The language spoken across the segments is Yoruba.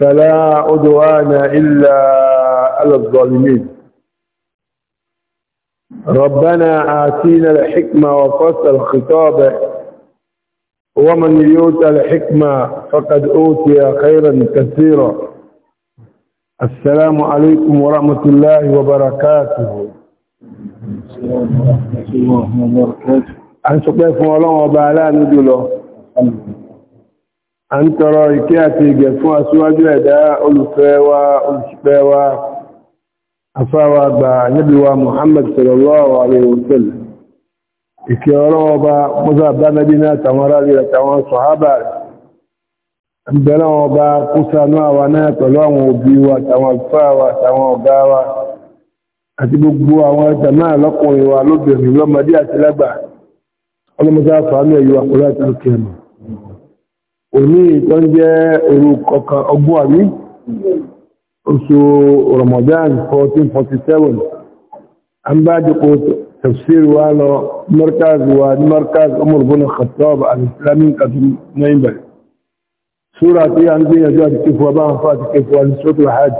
فلا عدوان إلا على الظالمين ربنا آتينا الحكمة وفصل الخطاب ومن يؤتى الحكمة فقد أوتي خيرا كثيرا السلام عليكم ورحمة الله وبركاته السلام ورحمة الله وبركاته أنسوا كيف ولو الحمد لله a ń tọrọ ìkẹ́ àti ìgẹ̀ fún aṣíwájú ẹ̀dá olùfẹ́ wa olùṣìpẹ̀ wa afáwa gba níbiwa muhammad sallallahu alaihi wasallam ìkẹ́ ọlọ́wọ́ bá mọ́sá bánabí náà tàwọn aráàlú àtàwọn sọ̀hábà rẹ̀ ń bẹ̀rẹ̀ wọn bá kúsànú àwa náà pẹ̀lú àwọn òbí wa àtàwọn àti gbogbo àwọn ẹ̀tà náà lọ́kùnrin wa lóbìnrin lọ́mọdé àti lágbà ọlọ́mọdé àfààní ẹ̀yọ́ àkọlẹ́ àti lókè ẹ̀mọ́ òní ìtọ́ jẹ́ òru kọkàn ọgbọ́n àbí oṣù Ramadan 1447 an bá jẹ́kọ́ tafsir wa lọ markaz wa ní markaz Umar bin Khattab al-islami kadun naimbar sura tí a ń gbìyànjú àti kífuwa bá ń fa àti kífuwa ní suratul hajj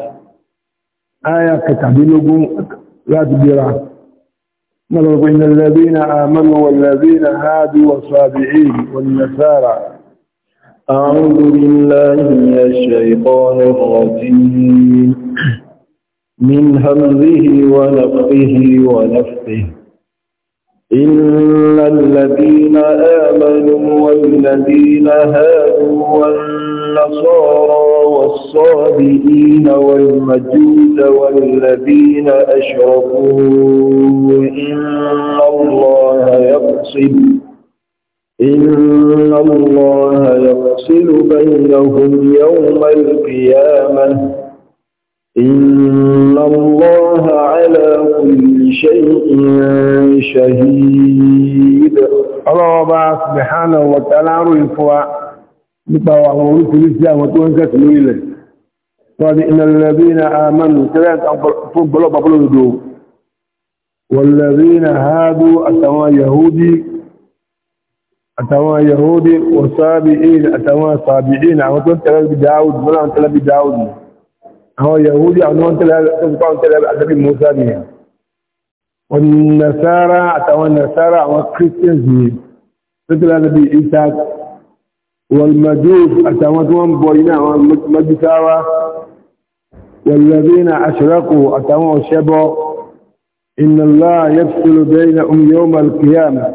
aya kẹtàdínlógún láti bíra نظر إن الذين آمنوا والذين هادوا والصابعين والنسارى أعوذ بالله من الشيطان الرجيم من همزه ونفخه ونفخه إن الذين آمنوا والذين هادوا والنصارى والصابئين والمجوس والذين أشركوا إن الله يقصد إن الله يفصل بينهم يوم القيامة إن الله على كل شيء شهيد الله سبحانه وتعالى رفوا بطوع ورسل وتوان كتلويلة قال إن الذين آمنوا كذلك أفضل بقلوا والذين هادوا أسوى يهودي اتوا يهودي وصابئين اتوا صابئين او كنت لابي داود ولا انت لابي داود هو يهودي او انت لابي انت لابي موسى بيه والنسارى اتوا النسارى وكريستيان زي انت لابي عيسى والمجوس اتوا توم بوينا مجوساوا والذين اشركوا اتوا شبو ان الله يفصل بينهم يوم القيامه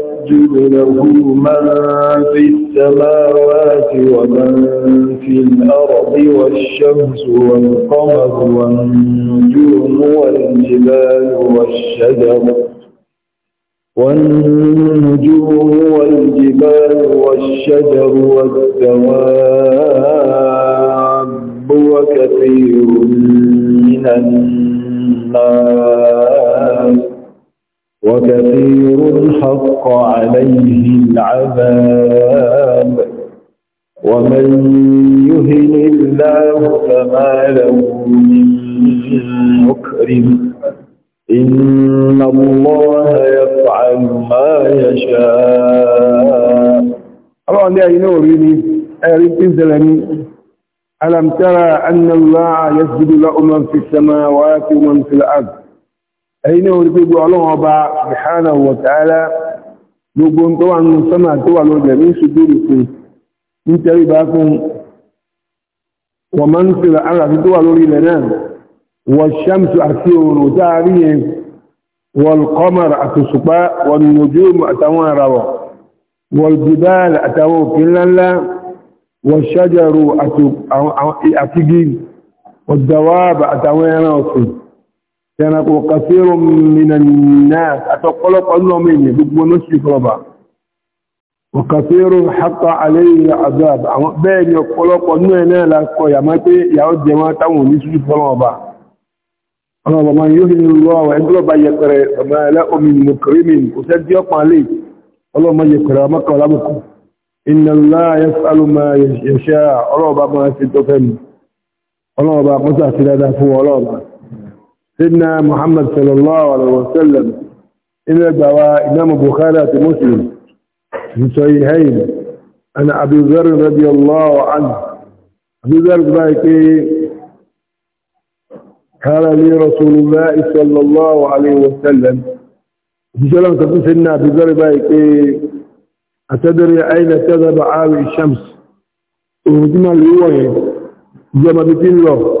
يسجد له من في السماوات ومن في الأرض والشمس والقمر والنجوم والجبال والشجر والنجوم والجبال والشجر والدواب وكثير من الناس وكثير حق عليه العذاب ومن يهن الله فما له من مكرم إن الله يفعل ما يشاء أرون يا نوري أريد إنزلني ألم ترى أن الله يسجد لأمن في السماوات ومن في الأرض ẹ̀yìn náà orí gbogbo ọlọ́run ọba subhanahu wa ta'ala gbogbo tó wà nínú sọ́nà tó wà lórí ẹ̀mí ṣùgbọ́n ìpè nítorí bá fún wọ́n máa ń tẹ̀lé ara tó wà lórí ilẹ̀ náà wọ́n ṣàmùsù àti òòrùn tá yẹn wọ́n kọ́mọ̀rọ̀ àtòṣùpá wọ́n nùjú àtàwọn àràwọ̀ wọ́n jìbáàlì àtàwọn òkè ńláńlá wọ́n ṣájàrò àti gíì wọ́n dàwáàbà àtàwọn ẹran ọ̀sìn ẹranko kàfíìrò mìíràn náà àtọ́pọ̀lọpọ̀ nínú ọmọ ènìyàn gbogbo ló sì kọlọ̀bà ọ̀kàfíìrò hapa àlẹ́yìn azab àwọn bẹ́ẹ̀ ni ọ̀pọ̀lọpọ̀ nínú ẹ̀ náà lákọ̀ yàmá pé ìyàwó jẹ máa táwọn òní sí fọlọ́ọ̀bà ọlọ́ọ̀bà máa yóò nínú lọ́wọ́ ẹgbẹ́lọ́bà yẹpẹrẹ ọmọ ẹlẹ́ omi mùkírímì kò sẹ́ tí ọ̀pọ̀ alẹ́ ọlọ́ọ̀mọ yẹpẹrẹ ọmọkà سيدنا محمد صلى الله عليه وسلم إن دواء إمام بخاري مسلم في صحيحين أنا أبي ذر رضي الله عنه أبي ذر بايكي قال لي رسول الله صلى الله عليه وسلم سلام تقول سيدنا أبي ذر بايكي أتدري أين تذهب عاوي الشمس ومجمع اليوم جمع بكين له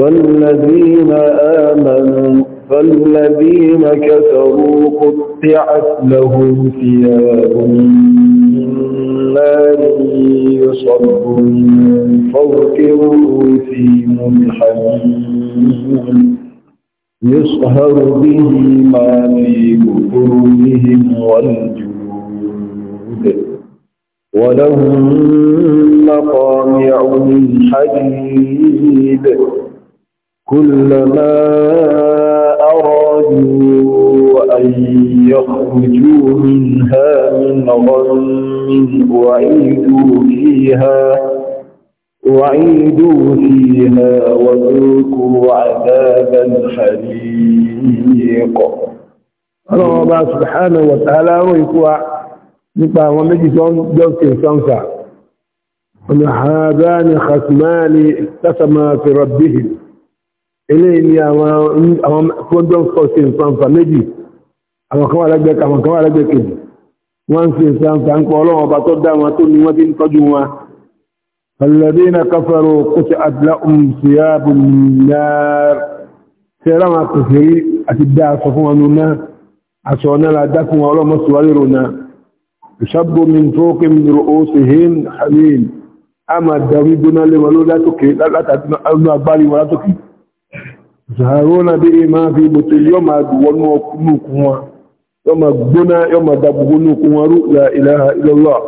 فالذين آمنوا فالذين كفروا قطعت لهم ثياب من نار يصب فوق رؤوسهم الحميم يصهر به ما في بطونهم والجلود ولهم مقامع من حديد كلما أرادوا أن يخرجوا منها من غم وعيدوا فيها وعيدوا فيها وذوقوا عذاب الحريق الله سبحانه وتعالى ويقوى نبا ومجي méjì jọ́sìn sọ́nsà ọ̀nà àádáni khasmani tásàmà fi eléyìí ni àwọn fọ́ndọ́n fọ́sí nǹkanfà méjì àwọn kan alágbẹ́ àwọn kan alágbẹ́ kejì wọ́n ń fi nǹkanfà ń pọ̀ ọlọ́wọ́ ọba tó dá wọn tó ní wọ́n ti ń tọ́jú wọn alladhina kafaru kúti adláhùn síyáàbù nàár tẹ́rà wọn kò sí rí àti dá aṣọ fún wọn nuna aṣọ náà la dá fún wọn ọlọ́mọ sùwárí rona ìṣàbò min tó kí mi rò ó sì hìn hamil a máa dàrú gbóná lé wọn ló látòkè látàgbárí wọn látòkè zaharona bí i máa fi bòtò yọ máa wọnú ọkùnkùn wọn yọ máa gbóná yọ máa dàgbogbo ní okùn wọn rú la ilaha illallah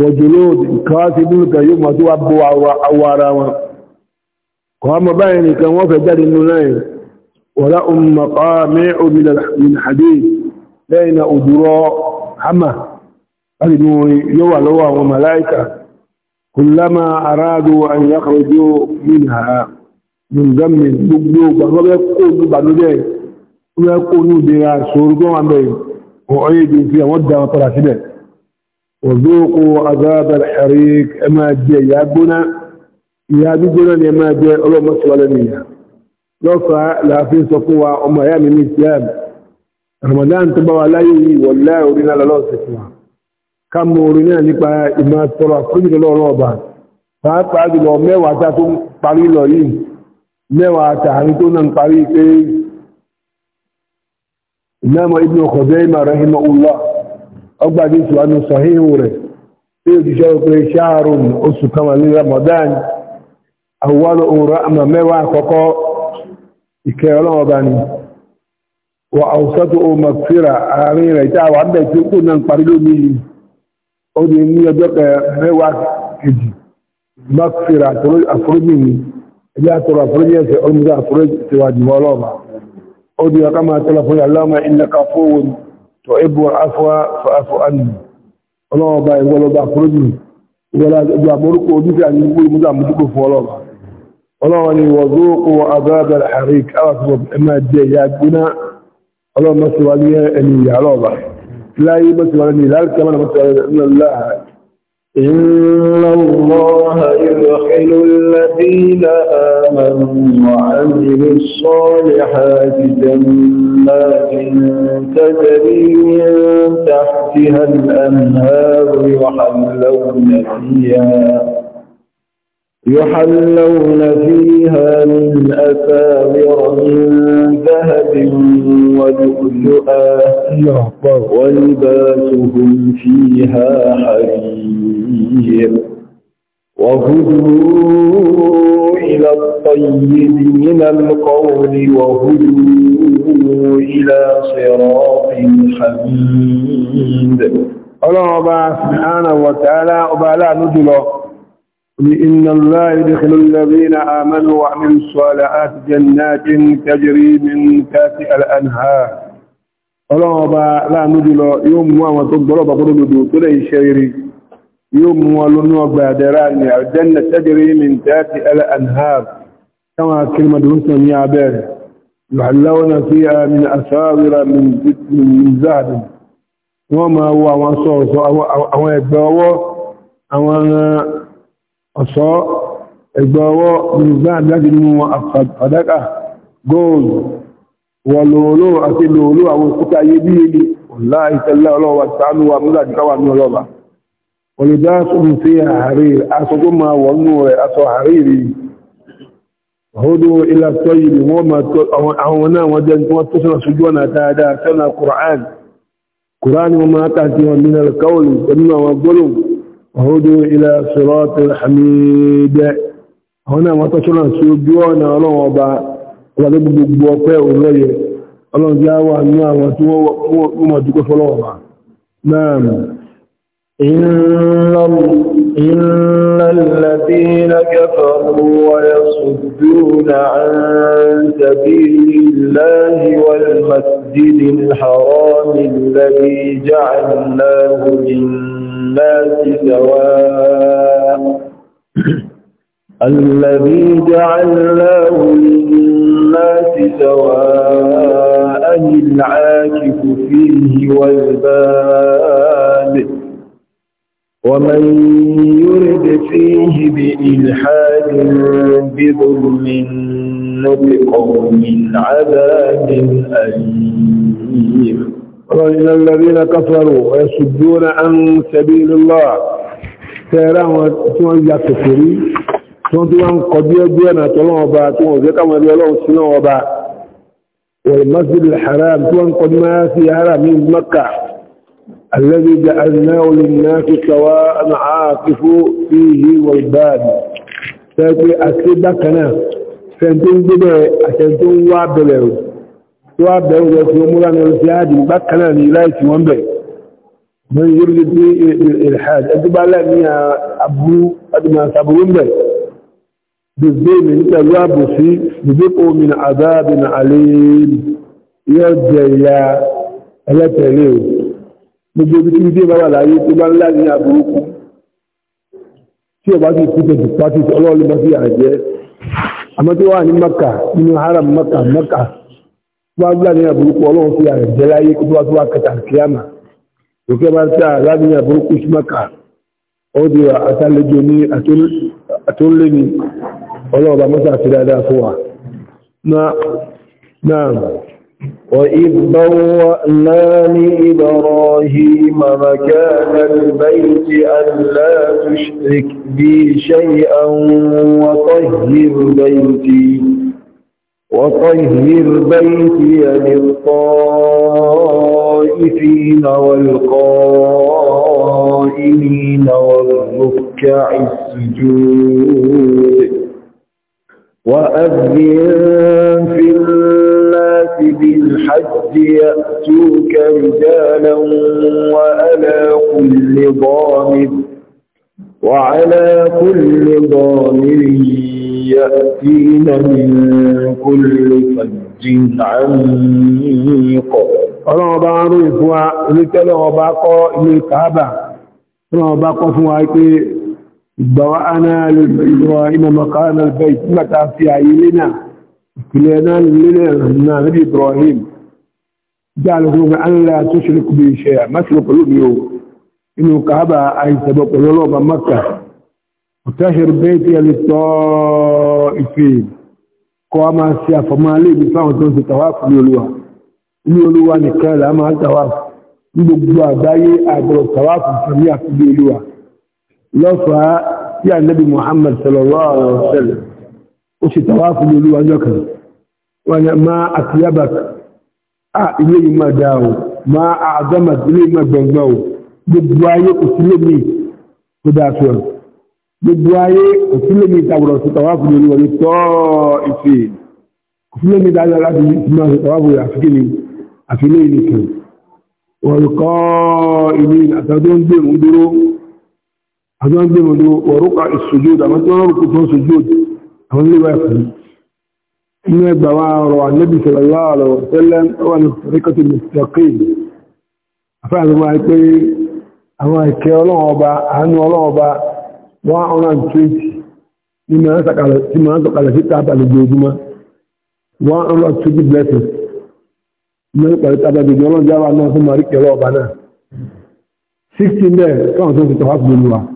wọ̀jọ̀lọ́ káàsì búrúkà yóò máa tó wá bó awọ ara wọn kọ̀ á mọ̀ báyìí nìkan wọ́n fẹ́ jáde nínú náà wọ̀lá ọmọ pàmí omina ìhàdé lẹ́yìn òdúrọ̀ hama láti ní orin yóò wà lọ́wọ́ àwọn màláìkà kùlámà aráàdù àyàkọ̀ọ́jọ́ nìgbàmì gbogbo gbàgbọ́ bẹ́ kó ní ìbànújẹ́ bẹ́ kó ní ìdíra ṣòrùgbọ́n wà bẹ̀ ọ̀ọ́yẹ́ ìdí fi àwọn dá wọn padà síbẹ̀ ọ̀dọ́kọ̀ agbábẹ̀rẹ̀ ẹ̀rí ẹ máa jẹ ìyá gbóná ìyá gbígbóná ni ẹ máa jẹ ọlọ́mọsíwálẹ̀ nìyà lọ́fà láàfin sọ fún wa ọmọ ẹ̀yà mi ní islam ramadan tó bá wa láyé yìí wọ̀ láì orí náà lọ́sẹ̀ fún wa ká mọ orin náà nípa ìmọ̀ tọrọ àkójọ ọba pàápàá jùlọ mẹ́wàá tá parí lọ yìí mẹ́wàá tààrí tó náà ń parí pé ìmẹ́mọ̀ Ibn Khuzaymah rahimahullah ọgbàdé ìtùwánú sọ̀híhù rẹ̀ tí ó jíṣẹ́ pé ṣáàrùn oṣù kan wà ní Ramadan àwọn òǹrà àmà mẹ́wàá àkọ́kọ́ ìkẹ́ ni wà àwùsọ́tò òmàfíra àárín rẹ̀ tí àwọn àbẹ̀ tí kò náà ń parí إذا ترى فرجة أمزع فرجة سواد مولوما أدي كما تلفون اللهم إنك عفو تحب العفو فاعف عني اللهم باي ولا ضع فرجي ولا جابرك وديك أن يقول مزع مدك فولوما اللهم وذوقوا عذاب الحريق أكبر إما الجيادنا اللهم سوالي أني يا الله لا يبسوا لي لا كمان مسوا الله إن الله يدخل الذين آمنوا وعملوا الصالحات جنات تجري من تحتها الأنهار يحلون فيها يحلون فيها من أساور من ذهب ولؤلؤا ولباسهم فيها حرير الكبير وهدوا إلى الطيب من القول وهدوا إلى صراط حميد الله أبا سبحانه وتعالى أبا لا نجل إن الله يدخل الذين آمنوا وعملوا الصالحات جنات تجري من تاتي الأنهار الله أبا لا نجل يوم وما تضرب قلوب دوتر الشيري يوم ولنوى بادران الجنة تجري من تحت الأنهار كما كلمة رسم يا عباد يحلون فيها من أساور من من ذهب وما هو وصوص أو يتباوى أو أصاء يتباوى من ذهب لكن هو أفضلك جوز ولولو أتي لولو أو سكا يبيلي والله تلا الله وتعالى ومزاج كوان ولوبا ولباسهم فيها حرير أصدما والنور أصو حريري هدوا إلى الطيب وما أعونا وجن وتصل سجونا تادا سنة قرآن قرآن وما تأتيه من القول ومما والظلم وهدوا إلى صراط الحميد هنا وتصل سجونا رعبا ولبب بوفاء الرجل الله جاوى أنواع وتوى وما تكفى نعم إن, الذين كفروا ويصدون عن سبيل الله والمسجد الحرام الذي جعلناه للناس سواء الذي جعلناه للناس سواء العاكف فيه والبالغ ومن يرد فيه بإلحاد بظلم نطقه من عذاب أليم وإن الذين كفروا ويصدون عن سبيل الله سيران وتوزع كفري تنتوان قدير دينا تلون وبا تنوزع كما يلون سنون وبا والمسجد الحرام تنوان قد ما في حرام من مكة الذي جعلناه للناس سواء عاكف فيه والباب تاتي أسبكنا سنتين بدأ أسنتين وابلو وابلو يكون مولانا الزياد بكنا ليلايك وانبه من يرد الإلحاد أنت بقى لأني أبو أدمى سابرون به بالذين أنت الواب في بذقوا من عذاب عليم يرجى يا ألا تليه gbogbo ibi tí ibi bá wà láyé tó bá ń láyé àbúrúkú tí ọba sì kú tẹ̀sí pátí ọlọ́ọ̀lẹ́ bá sí àjẹ́ àmọ́ tí wà ní maka nínú haram maka maka tó bá gbà ní àbúrúkú ọlọ́run sí àjẹ́ láyé tó bá tó wà kẹta kíámà òkè bá tà láti ní àbúrúkú sí maka ó àtàlejò ní àtúnlé ní ọlọ́ọ̀bá mọ́sàáfì dáadáa fún wa náà وإذ بوأنا لإبراهيم مكان البيت أَلَّا تشرك بي شيئا وطهر بيتي وطهر بيتي للطائفين والقائمين والركع السجود وأذن في الله بالحج يأتوك رجالا وعلى كل ضامر وعلى كل ضامر يأتين من كل فج عميق ọlọ́run bá ń ròyìn fún wa onítẹ́lẹ̀ ọba kọ́ ilé kàábà ọlọ́run ọba kọ́ fún wa pé ìgbà wa ánà lè ìgbà ìnàmọ̀ká náà bẹ́ ìtìmọ̀ta fi àyílé náà ìpìlẹ̀ náà nílẹ̀ náà níbi Ibrahim jẹ́ alùpùpù Allah tó ṣe kú bí iṣẹ́ àmáṣe pẹ̀lú mi o inú kàábà àìsàbọ̀ pẹ̀lú ọlọ́ọ̀bà Maka ọ̀tẹ́ṣẹ̀rù bẹ́ẹ̀tì ẹni tọ́ ìfẹ́ kọ́ a máa ṣe àfọmọ́ alẹ́ ibi fáwọn tó ń ṣe tàwá fún olúwa ní olúwa nìkan là máa tàwá ní gbogbo àgbáyé ó ṣe tàwá fún olúwa lọ́kàn wọ́n ni ma àtìyàbà à ilé ìmọ̀ dá o ma àgbàmà ilé ìmọ̀ gbọ̀ngbọ̀ o gbogbo ayé kò sí lè mí tó dáa tó ẹ̀ gbogbo ayé kò sí lè mí ìtàwọ̀rọ̀ sí tàwá fún olúwa ní tọ́ ìfì kò sí lè mí dáadáa láti máa ṣe tàwá àfikẹ́ ni àfilé nìkan wọ́n kọ́ ìní àtàdó ń gbèrú dúró àtàdó ń gbèrú dúró wọ́n rúkà ìṣòjò àmọ́ tí wọ́n rúkú tó ń ṣòjò àwọn ilé ẹ̀kọ́ inú ẹgbà wa ọ̀rọ̀ ànábì sallallahu alaihi wa sallam wà ní ríkọ́tì mustaqim afẹ́hàn wá pé àwọn ìkẹ́ ọlọ́run ọba àánú ọba 120 ní máa ń sọ̀kalẹ̀ sí tábà lójoojúmọ́ 120 blessings ní máa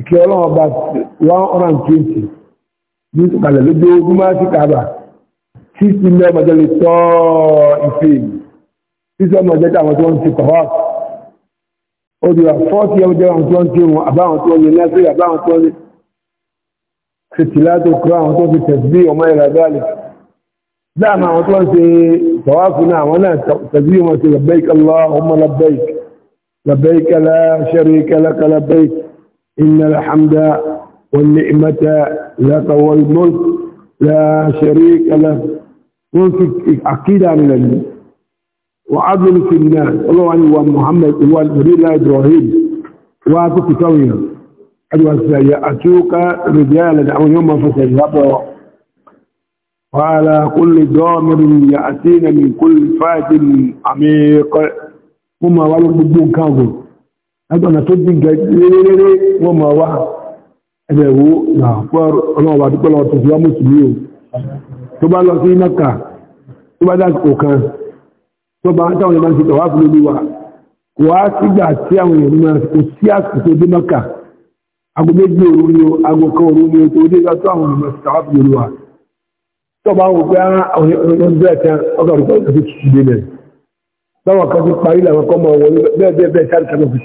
ìkẹ́ ọlọ́wọ́ bá 120 ní ìtùkàlẹ̀ lójú ojúmọ́ sí kàbà tí sí ilé ọmọdé lè tọ́ ìfẹ́ títí ọmọdé táwọn tó ń ti kọ̀ọ́ ó di wà 40 ọmọdé àwọn tó ń ti wọn àbáwọn tó ń lè lẹ́sẹ̀ àbáwọn tó ń lè ṣe tìlá tó kọ́ àwọn tó fi tẹ̀sí ọmọ ìrẹ̀dálẹ̀ dáàmà àwọn tó ń ṣe tọ́wáfù náà àwọn náà tẹ̀sí wọn ṣe labbaik Allahumma labbaik labbaik la sharika laka labbaik إن الحمد والنعمة لك والملك لا شريك له ملك أكيد عن النبي وعدل في الناس الله عنه محمد هو نبي الله إبراهيم وأتوك كوينا أجوى يأتوك رجالا دعون يوم فسيهبوا وعلى كل دامر يأتينا من كل فات عميق هم ولو بدون كاظم agbọ̀nà tó bí gẹ̀rẹ́rẹ́rẹ́ wọ́n mọ̀ wá ẹgbẹ̀wó na fọ́ọ̀rọ̀ ọlọ́ọ̀bà tó pẹ́lọ tó fíwá mùsùlùmí o tó bá lọ sí mẹ́kà tó bá dá ọ̀kan tó bá táwọn ìbá ń sítọ̀ wá fún olúwa kò wá sígbà tí àwọn èèyàn máa kò sí àsìkò dé mẹ́kà ago méjì òru ni o ago kan òru ni o tó dé tó àwọn èèyàn sítọ̀ wá fún olúwa tó bá wò pé ah, àwọn èèyàn bẹ́ẹ̀ kan ọkọ̀ òrùkọ̀ òrùkọ̀ tó ti ṣ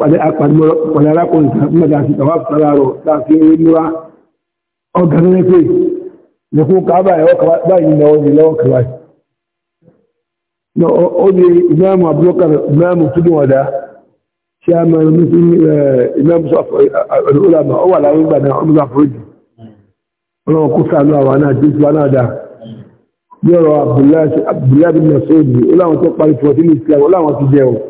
pàdé arákùnrin mẹ́ta sí tàwà fàlárọ̀ láti múra ọgá nílé pé lẹ́kún káàbà ẹ̀wọ́ báyìí lọ́wọ́ ní lọ́wọ́ kẹwàá ó ní ìmáàmù abúlọ́kàrà ìmáàmù túnú ọ̀dá ṣe a mẹ́rin ní ìmáàmù ọlọ́mà ọwà láwọn ìgbà náà ọmọdé àforíjì ọlọ́wọ́ kó sáàlú àwọn náà jésù wọn náà dáa bí ọ̀rọ̀ abdullahi bin masoud ọlọ́wọ́ tó parí 14 islam ọlọ́wọ́ ti jẹ́ ọ̀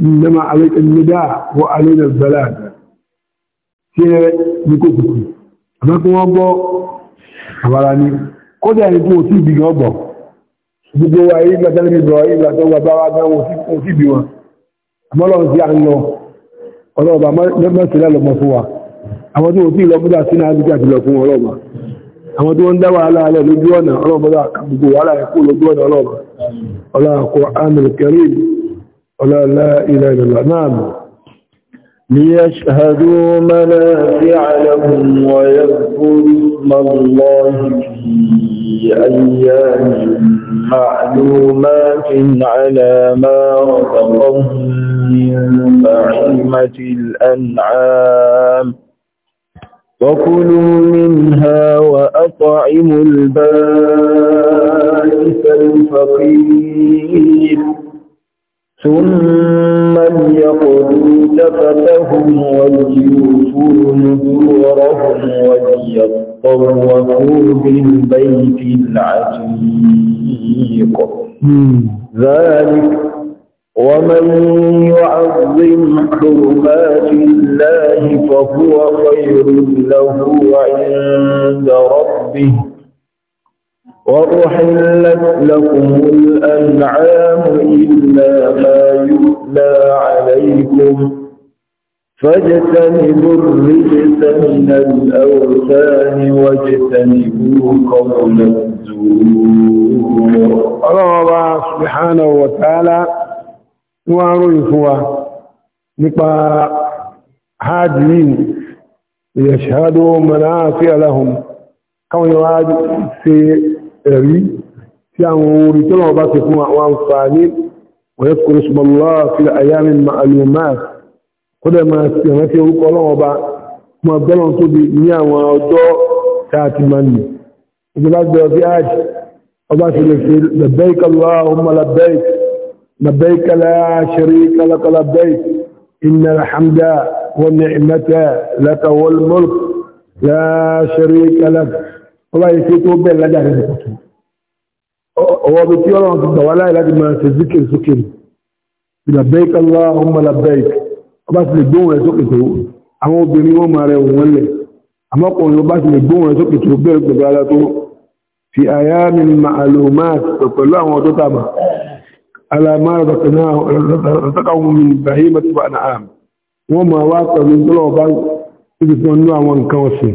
إنما عليك النداء وعلينا البلاغ tiẹ̀ ní kò kùkù àmọ́ kí wọ́n gbọ́ àbára ní kódà ní kí wọ́n sì bí wọ́n gbọ́ gbogbo wa yìí gbàtà níbi ìbọ̀ yìí gbàtà wà bá wá gbà wọ́n sì bí wọn àmọ́ lọ́n sí à ń lọ ọlọ́ọ̀bà mẹ́sìlẹ̀ lọ́mọ fún wa àwọn tí wọ́n sì lọ fún dà sínú àdúgbà ti lọ fún ọlọ́ọ̀bà àwọn tí wọ́n ń dá wàhálà alẹ́ lójú ọ̀nà ọlọ́ọ̀bà gbogbo wàhálà ẹ̀kú lójú ọ̀nà ọlọ́ọ̀bà ọlọ́ọ̀kọ̀ àmì kẹrin ولا لا إله إلا الله نعم ليشهدوا منافع لهم ويذكروا اسم الله في أيام معلومات على ما رزقهم من بعيمة الأنعام وكلوا منها وأطعموا البائس الفقير ثم ليقضوا تفتهم وليوفوا نذورهم وليطوفوا بالبيت العتيق ذلك ومن يعظم حرمات الله فهو خير له عند ربه وأحلت لكم الأنعام إلا ما يتلى عليكم فاجتنبوا الرجس من الأوثان واجتنبوا قول الزور الله سبحانه وتعالى وعرفوا لقاء هاجين ليشهدوا منافع لهم كون يواجه في أبي في أموريت الله باسكم أعوان صالح ويذكر اسم الله في الأيام المعلومات قد ما استمتع يقول الله وبا ما أبدالنا تبي نيام وعودو تاتماني إذا لا تبقى في آج أباس الفيل لبيك اللهم لبيك لبيك لا شريك لك لبيك إن الحمد والنعمة لك والملك لا شريك لك ọba yìí ṣe tó bẹ́ẹ̀ lájà rẹ̀ pọ̀tù ọwọ́ bí tí ọlọ́run ti gbà wá láì láti máa ṣe zikiri sókè ní labẹ́ẹ̀kì Allahumma labẹ́ẹ̀kì ọba sì lè gbóhùn rẹ̀ sókè tó àwọn obìnrin wọn máa rẹ̀ wọ́n lẹ̀ àmọ́ ọkùnrin ọba sì lè gbóhùn rẹ̀ sókè tó bẹ́ẹ̀ pẹ̀lú ara tó fi àyà mi ma'lumat pẹ̀lú àwọn máa wá pẹ̀lú ọlọ́ọ̀bá ibi tí wọ́n ní àwọn nǹkan ọ̀sìn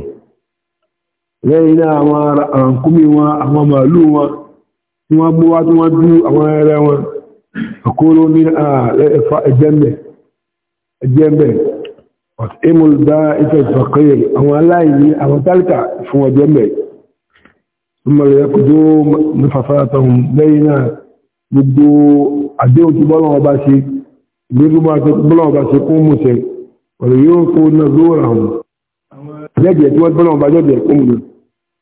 lẹ́yìn náà àwọn àǹkúmí wọn àwọn màálù wọn tí wọ́n gbó wá tí wọ́n dú àwọn ẹrẹ wọn àkóró ní ẹ̀fà ẹ̀jẹ̀mbẹ̀ ẹ̀jẹ̀mbẹ̀ ìmúlùdá ìfẹ́ ìfàkẹ́yẹ̀ àwọn aláìní àwọn tálíkà fún ẹ̀jẹ̀mbẹ̀ mọ̀lẹ̀ ẹ̀kùdó nífàfàtàhùn lẹ́yìn náà gbogbo àdéhùn tí bọ́lọ́wọ́ bá ṣe bọ́lọ́wọ́ bá kó náà lóòrà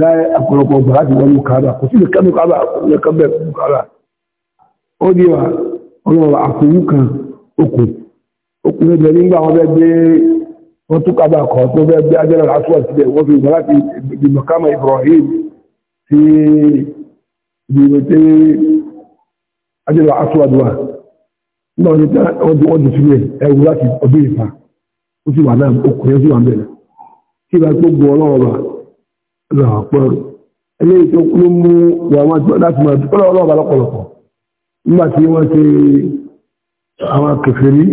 láyé àpọ̀lọpọ̀ ọgbà láti kààbà kò sí ìkẹ́ mú kààbà lẹ́kàn ó ní wa ọlọ́wọ́ àkùnwú kan okùn okùn ẹgbẹ́ nígbà wọn gbé kààbà kọ́ tó gbé wọ́n fi láti ìgbìmọ̀ Ibrahim sí ìgbìmọ̀ wà nígbà wọn ti wọ́n ti sílẹ̀ ẹ̀wù láti ọdún ìfà ó sì wà náà lọ́pọ̀rọ̀ eléyìí tó kú mú àwọn láti máa dúpọ́lọ́ ọlọ́ọ̀bá lọ́pọ̀lọpọ̀ nígbà tí wọ́n ṣe àwọn kèfèrí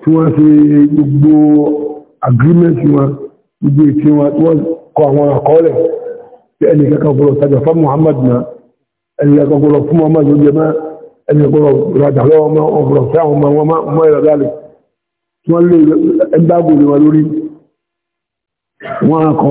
tí wọ́n ṣe gbogbo agreement wọn gbogbo ètí wọn tí wọ́n kọ àwọn àkọọ́lẹ̀ tí ẹni kankan gbọ́dọ̀ tajà fún Muhammad náà ẹni kankan gbọ́dọ̀ fún Muhammad oúnjẹ máa ẹni gbọ́dọ̀ rajà lọ́wọ́ máa ọ̀gbọ̀dọ̀ ẹgbàgbò wọn lórí wọ́n akọ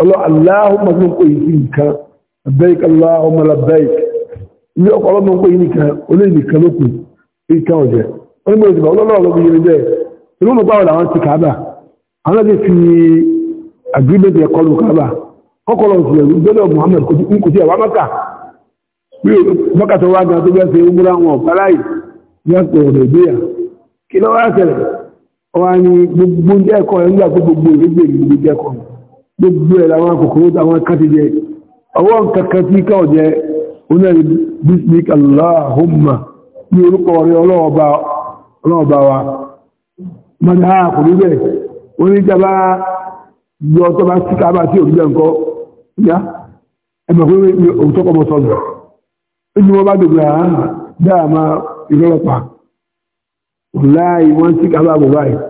ọlọ́ aláhùnmọ̀ ló ń pè yìí nìkan labbaik aláhùnmọ̀ labbaik ní ọkọ̀ ọlọ́mọ̀ ń pè yìí nìkan olè nìkan ló kù ìkan ọ̀jẹ̀ wọ́n mú ìdìbò ọlọ́lọ́ọ̀lọ́ bí yẹn bẹ́ẹ̀ ìlú mọ̀ báwọn làwọn ti kàábà àwọn láti fi agreement yẹn kọlu kàábà kọ́kọ́ lọ sí ẹ̀rú gbogbo ẹ̀ làwọn kòkòrò àwọn kàtí jẹ ọwọ́ kankan tí káwọ̀ jẹ onírin bismik allahumma ní orúkọ rẹ ọlọ́ọ̀bá wa mọ́ni ha kò ní bẹ́ẹ̀ oníjàbá yọ tó bá sí káàbà ah, sí òbí jẹ́ǹkọ́ yá ẹgbẹ̀ pé òtọ́kọ̀ wọ́n bọ̀ báyìí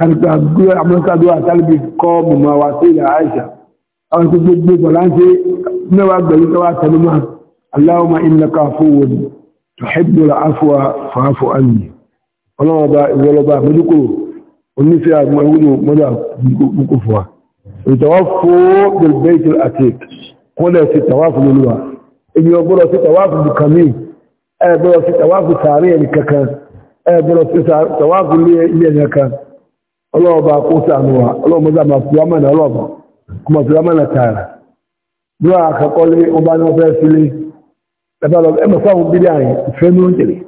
amúlùkàdúrà tálíbì kọ́ mọ̀mọ́ wa sí ilẹ̀ àìṣà àwọn tó gbogbo bọ̀láńtí mẹ́wàá gbẹ̀rú tọ́wà tẹnumọ́ aláwọ̀má ìlẹ́ka fóòwòn tọ̀hẹ́bùrà afọ́wà fàáfọ́ àyè ọlọ́wọ́ba ìwọlọ́ba mẹ́dúkò onífẹ́ àgbọ̀nwúlò mọ́dà púpọ̀ fún wa ìtọ́wọ́ fóó bẹ̀rẹ̀ àti kọ́lẹ̀ sí tàwáfù lóluwà èyí ọgbọ́dọ̀ sí tàwáfù bukami ẹgbọ́dọ̀ sí tàwáfù sàárẹ̀ ẹnì kankan ẹgbọ́dọ̀ sí tàwáfù ilé ẹnì kankan ọlọ́ọ̀bá kó sànú wa ọlọ́ọ̀mọ́sá máa fi wá mọ̀nà ọlọ́ọ̀bá kó máa fi wá mọ̀nà tààrà bí wọ́n àkọ́kọ́lé ọba ní wọ́n fẹ́ sílé ẹ̀bá lọ ẹ̀mọ̀ fáwọn bílẹ̀ àyìn ìfẹ́ ní oúnjẹ rẹ̀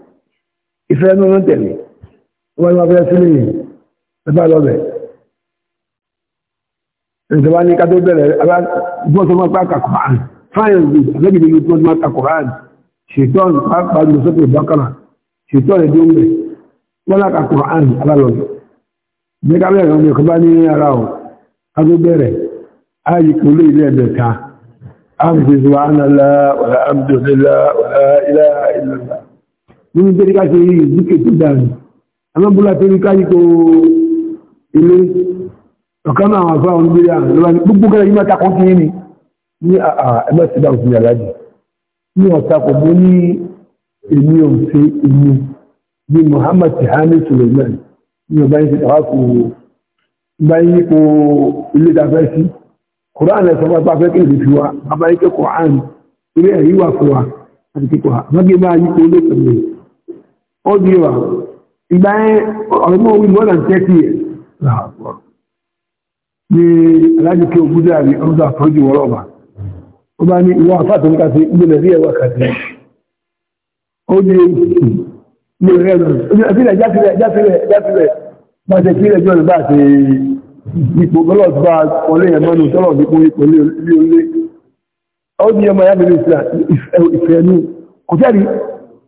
ìfẹ́ ní oúnjẹ rẹ̀ ọba ní wọ́n fẹ́ sílé yìí ẹ̀bá lọ bẹ̀. ìjọba ní kátó bẹ̀rẹ̀ alágbèsè wọn pàkà gbẹ́gbẹ́ bẹ̀rẹ̀ ọmọ ìkọba ní ara ọ̀ agbẹ́bẹ̀rẹ̀ ayípo lé ilé ẹ̀bẹ̀ta amdùsùwà ánàlá wàlá amdùsùlá wàlá ilá ìlàlá nínú tẹ́rí ká ṣe ìdíkè tó dànù amábúlá tẹ́rí ká yípo ilé ọ̀kan náà àfá àwọn olùgbé àlọ́wà ní gbogbo kẹrẹ yìí máa takọ́ kí ní ní ẹgbẹ́ sídà òfin àlájì ní ọ̀takọ̀ bó èmi ò ṣe èmi ní Muhammad Tihani Suleiman ní ọba yìí ṣe kò gba yìí kò ilé ìdáfẹ́ sí kùránì ẹ̀sọ́ bá pàfẹ́ kí èdè fi wa bàbá yìí kò kùránì ilé ẹ̀rí wà fún wa àti kíkọ́ ha mọ́gí bá yìí kò lè pẹ̀lú ó di wa ìgbà yẹn ọ̀rọ̀ mọ́ wí more than thirty years ní alájú kí ogún dáàrí ọdún àfọ́jú wọ́rọ̀ ọba ó bá ní ìwọ àfáàtọ̀ nípa sí ìgbélẹ̀ sí ní orí ẹ̀rọ ìpínlẹ̀ jásílẹ̀ jásílẹ̀ jásílẹ̀ máa jẹ́ kílẹ̀ jọ́ nígbà tí ipò bọ́lọ̀ bá ọlé ẹ̀mọ́nù tọ́lọ̀ nípo ipò ní orílẹ̀ ó ní ọmọ yàmì ní ìfẹ́ ní kò fẹ́rí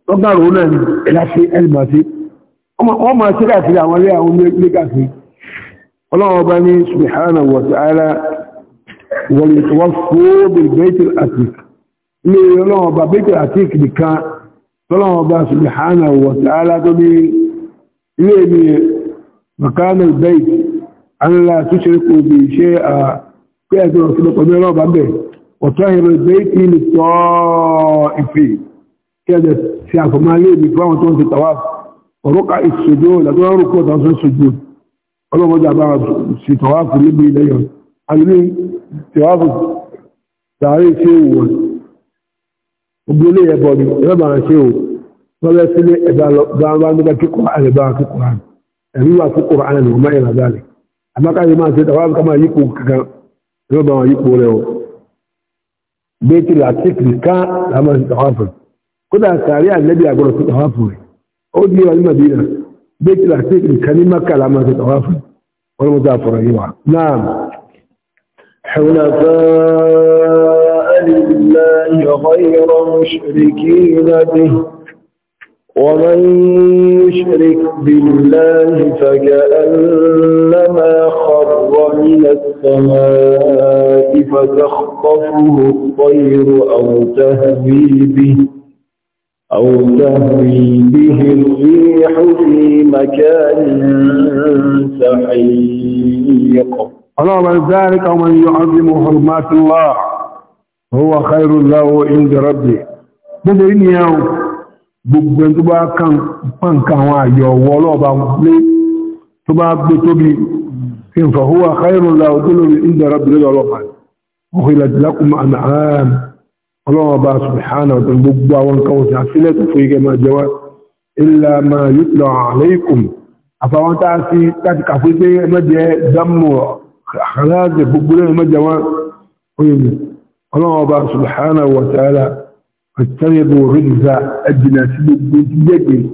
lọ́gbàrún òun náà ẹ̀láṣẹ́ ẹlìmọ̀sí wọ́n máa ṣe láti àwọn ilé àwọn onígbàsí ọlọ́wọ́ bá ní subhanahu wa ta'ala wọ̀lẹ̀ wọ́n fún bèèrè bẹ́ẹ̀tì àtìk ilé ọlọ́wọ́ bá bẹ́ẹ̀tì àtìk nìkan tọ́lọ́wọ́ bá subhanahu wa ta'ala tó ní ilé mi makana al-bayt anla tushriku bi shay'a pé ẹjọ́ ọ̀sọ́lọ́ pẹ̀lú ẹ̀rọ bá bẹ̀ ọ̀tọ́ ìrọ̀ bayti ní tọ́ ìfì kí ẹjọ́ sí àfọmọ́ alé mi fún àwọn tó ń ti tàwá ọ̀rọ̀ka ìṣòjò làtọ́ gbogbo ilé yẹn bọ̀ ni ẹ̀rọ bá ń ṣe o wọ́n bẹ sílé ẹ̀dá lọ gbàǹgbà nígbà kíkọ́ àlẹ́ bá kíkọ́ àlẹ́ ẹ̀rí wà kíkọ́ àlẹ́ ló má ìrìnàjò àlẹ́ àmọ́káyé máa ṣe tàwọn àbúkà máa yípo kankan ẹ̀rọ bá wọn yípo rẹ o ká làmọ́ sí tàwọn àfọ̀ kódà sàárì àlẹ́bí àgọ́rọ̀ sí tàwọn àfọ̀ rẹ̀ ó لله غير مشركين به ومن يشرك بالله فكأنما خر من السماء فتخطفه الطير أو تهوي به أو تهوي به الريح في مكان سحيق الله ذلك ومن يعظم حرمات الله huwa khairul lahu inda rabbi gbogbo yìí nìyẹn o gbogbo ẹni tó bá kàn pàǹkà àwọn àyọ̀ ọ̀wọ́ ọlọ́ọ̀bá lé tó bá gbé tóbi فهو خير له دل عند رب العالمين وخلت لكم أنعام الله با سبحانه وتعالى وانكوت عسلت في كما جواب إلا ما يتلى عليكم أفوان تعسي تاتك عفوتي مجي دم خلاص بقبولين مجي وان الله سبحانه وتعالى فاتنبوا رجزة الجناسي بالجيجي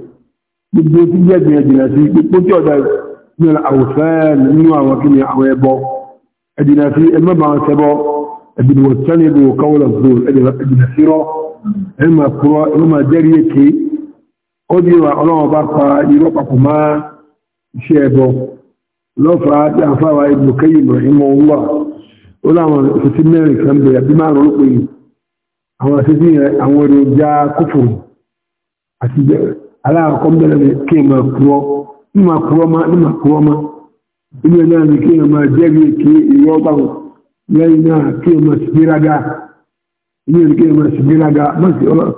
بالجيجي من الجناسي بالجيجة من الأوثان من الوكين يحويبو الجناسي إما بانسبو أبن واتنبوا قول الظهور الجناسي إما قراء إما جريكي أدوى الله أبارك يروبكما شيبو لو فات يعفى ابن كيم رحمه الله ó láwọn òṣìṣẹ́ mẹ́rin kan bẹ̀rẹ̀ bí márùn ún pé àwọn àṣìṣẹ́ yẹn àwọn èròjà kófòrò àti aláàkọ́ bẹ̀rẹ̀ kí n máa kúrọ́ ní máa kúrọ́ má ní máa kúrọ́ má inú ẹ̀ náà ni kí n máa jẹ́bi kí ìwọ́ bá wọn lẹ́yìn náà kí n máa ṣìgbéraga inú ẹ̀ ni kí n máa ṣìgbéraga má sì ọlọ́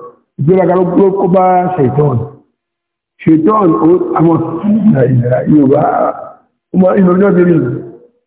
ìgbéraga ló kó bá ṣètọ́ọ̀nù ṣètọ́ọ̀nù àwọn ìlera Yorùbá ọmọ ìlú ọjọ́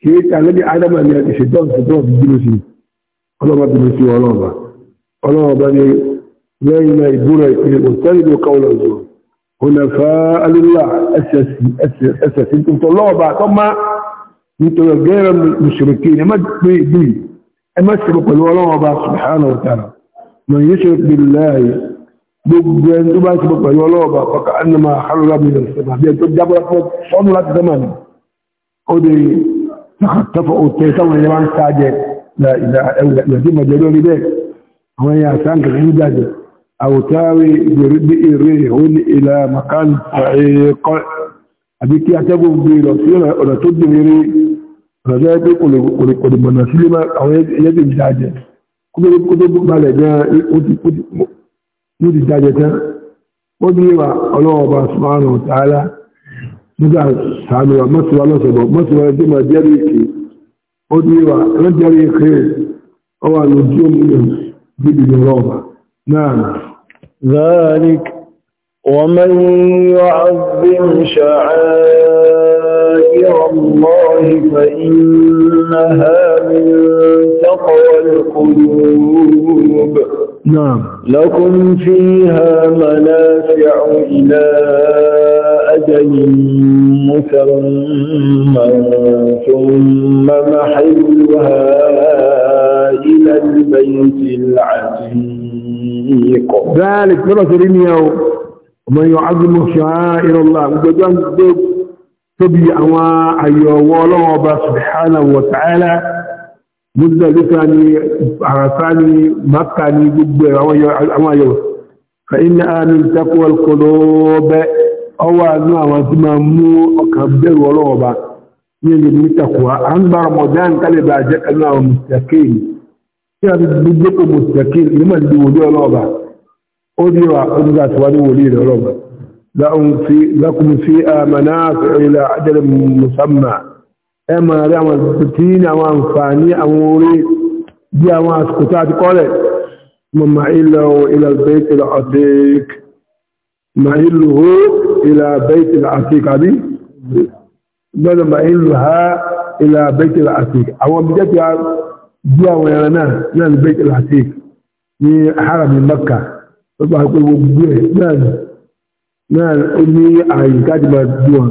kì í ta lẹ́bí ádámà ní ẹ̀kẹ́ ṣètọ́n ṣètọ́n ti bínú sí ọlọ́ba bínú sí ọlọ́ba ọlọ́ba ní lẹ́yìn náà ìbúra ìpínlẹ̀ òtẹ́lẹ̀ ló kọ́ ọlọ́zọ ònàfà alúlà ẹsẹ̀ sí tuntun lọ́ọ̀bà tó má nítorí gẹ́rẹ́ mùsùlùmí ẹ má pé ìlú yìí ẹ má ṣe pẹ̀lú ọlọ́ọ̀ba subhanahu wa ta'ala mọ̀ yìí ṣe billahi gbogbo ẹni tó bá ṣe pẹ̀lú ọlọ́ọ̀ba pàkà annama harura mi lọ sí ọmọ àbí ẹni tó jábọ́ fọ́nù láti sẹ́mà ni ó de tọ́fọ̀ òtẹ́ sáwọn ẹ̀yẹ wá ń sáájẹ ìyàtí mọ̀jẹ̀ lórí bẹ́ẹ̀ àwọn ẹ̀yà sáǹkà ní jáde àwòtáwé èrè òun ìlà makan ẹ̀ẹ́kọ́ àbí kí atẹ́gùn gbé lọ sí ọ̀nà tó dìrere ọ̀nà tó yẹ pé kòlìkòlìmọ̀nà sílé àwọn ẹ̀yẹ tó jáde kó tó balẹ̀ gan ó ti jáde tán ó ní ìwà ọlọ́wọ́ bá sùmánù tààlà nígbà sàánúwà mọ́tíwà lọ́sọ̀bọ̀ mọ́tíwà ẹjọ́ máa jẹ́rí èké ó ní wà lọ́jẹ́rí èké ọwà lójú omi bíbí ní rọ́ọ̀bà náà ذلك ومن يعظم شعائر الله فإنها من تقوى القلوب نعم لكم فيها منافع إلى أجل مسمى ثم محلها إلى البيت العتيق ذلك برسل يوم ومن يعظم شعائر الله وجدان تبي أواء أيوة الله سبحانه وتعالى مزدلفة عرفاني مكة ضد أواء فإن آمن تقوى القلوب ọwọ́ àánú àwọn tí máa mú ọkàn bẹ̀rù ọlọ́ọ̀ba ní ẹni ní tàkùwá à ń bá ramadan kálẹ̀ bá jẹ́ kanú àwọn mùsùlùmí tí a ti di dépò mùsùlùmí ní mà ní wòlé ọlọ́ọ̀ba ó ní wa ó ní láti wá ní wòlé rẹ̀ ọlọ́ọ̀ba lakum fi amana ilẹ̀ ilẹ̀ إلى بيت العتيق هذه بدل ما إلها إلى بيت العتيق أو بدأت جوا ويانا إلى البيت العتيق من حرم مكة فبقى يقول بوجه نعم نعم أمي أي كاتبة جوا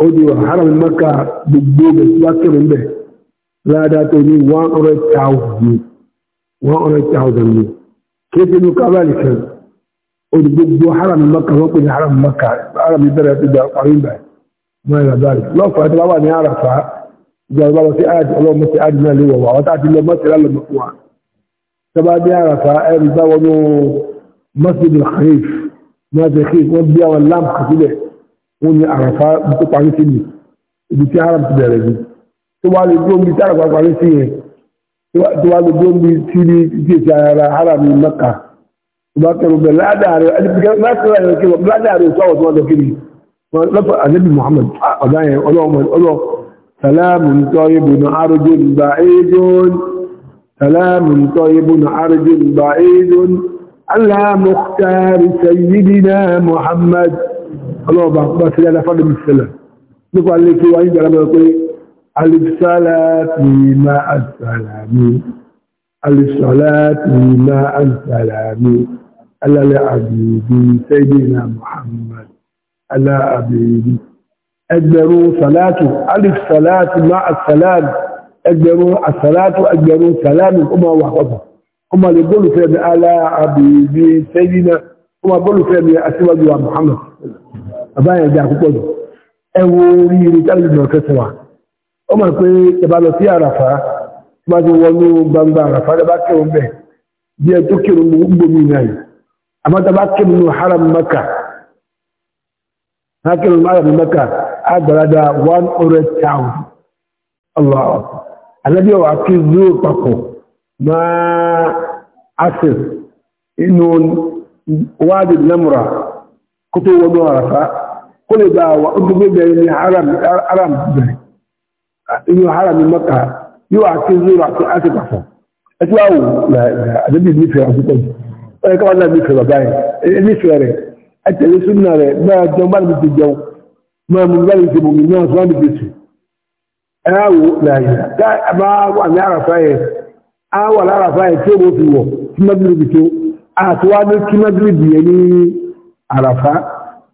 أودي حرم مكة بوجه لكن من به لا ده توني 100,000 100,000 كيف إنه كذلك olùgbogbo haram maka wọ́n pè ní haram maka haram bẹ̀rẹ̀ ti gba parí ìgbà mọ́ ìrà báyìí lọ́pọ̀ ẹ̀ tó bá wà ní àràfà ìgbà ọba lọ sí àjì ọlọ́mọ sí àjì náà lè wọ̀ wá ọ̀tá àti lọ mọ́sí lálọ́ mọ́ fún wa tó bá dé àràfà ẹ̀rù bá wọnú mọ́sí ní kharif mọ́sí kharif wọ́n bí àwọn lamp sílẹ̀ wọ́n ní àràfà tó parí sí ni ibi tí haram ti bẹ̀rẹ̀ ni tó wá lè dúró bí tí àràfà parí sí yẹn tó wá lè dúró bí tí ní ti ara haram maka bákẹ́rù bẹ̀rẹ̀ ládàárẹ̀ ládàárẹ̀ tó àwọn tó wọ́n lọ kiri lọ́pọ̀ àdébì Muhammad ọ̀dáyẹn ọlọ́ sàlámù tọ́yébù na àrùjú ìgbà èdòn sàlámù tọ́yébù na àrùjú ìgbà èdòn aláàmùkàrí sayyidina Muhammad ọlọ́ọ̀bà bá sílẹ̀ aláfàdàmì sílẹ̀ nípa lẹ́kí wáyé gbàlábà pé alìsálàtì máa sàlámì alìsálàtì máa sàlámì على عبيدي سيدنا محمد على عبيدي أجبروا صلاة ألف صلاة مع السلام أجبروا الصلاة أجبروا سلام أما وحفظه أما يقولوا فيهم على عبيدي سيدنا أما يقولوا فيهم أسود محمد أبا يجعك قلوا أولي لتألي من كسوا أما يقول يبالو في عرفة ما يقولوا بمبارفة لباكرهم به دي أتكروا من أمي نايم àmọ́ tá bá kírun nínú haram maka bá kírun nínú haram maka agbàrádá one hundred thousand allah alábí ọ̀wà kí zúrò papọ̀ máa access inú wáàdì namura kó tó wọnú àràfá kó lè bá wà ó dúgbé bẹ̀rẹ̀ ní haram bẹ̀rẹ̀ inú haram maka yóò àti zúrò àti access papọ̀ ẹgbẹ́ àwò àdébìí nífẹ̀ẹ́ àti pẹ̀lú ẹ káwọn náà nífẹ̀ẹ́ bàbá yẹn nífẹ̀ẹ́ rẹ̀ ẹ tẹ̀lé súnà rẹ̀ máa jẹun bá níbi jẹun máa mú bá níbi mú náà sọ níbi sùn ẹ á wò láàyè tá a bá wà ní àràfà yẹn á wà láràfà yẹn tí èèwọ̀ fi wọ̀ kí mẹ́bìrìbì tó àti wá ní kí mẹ́bìrìbì yẹn ní àràfà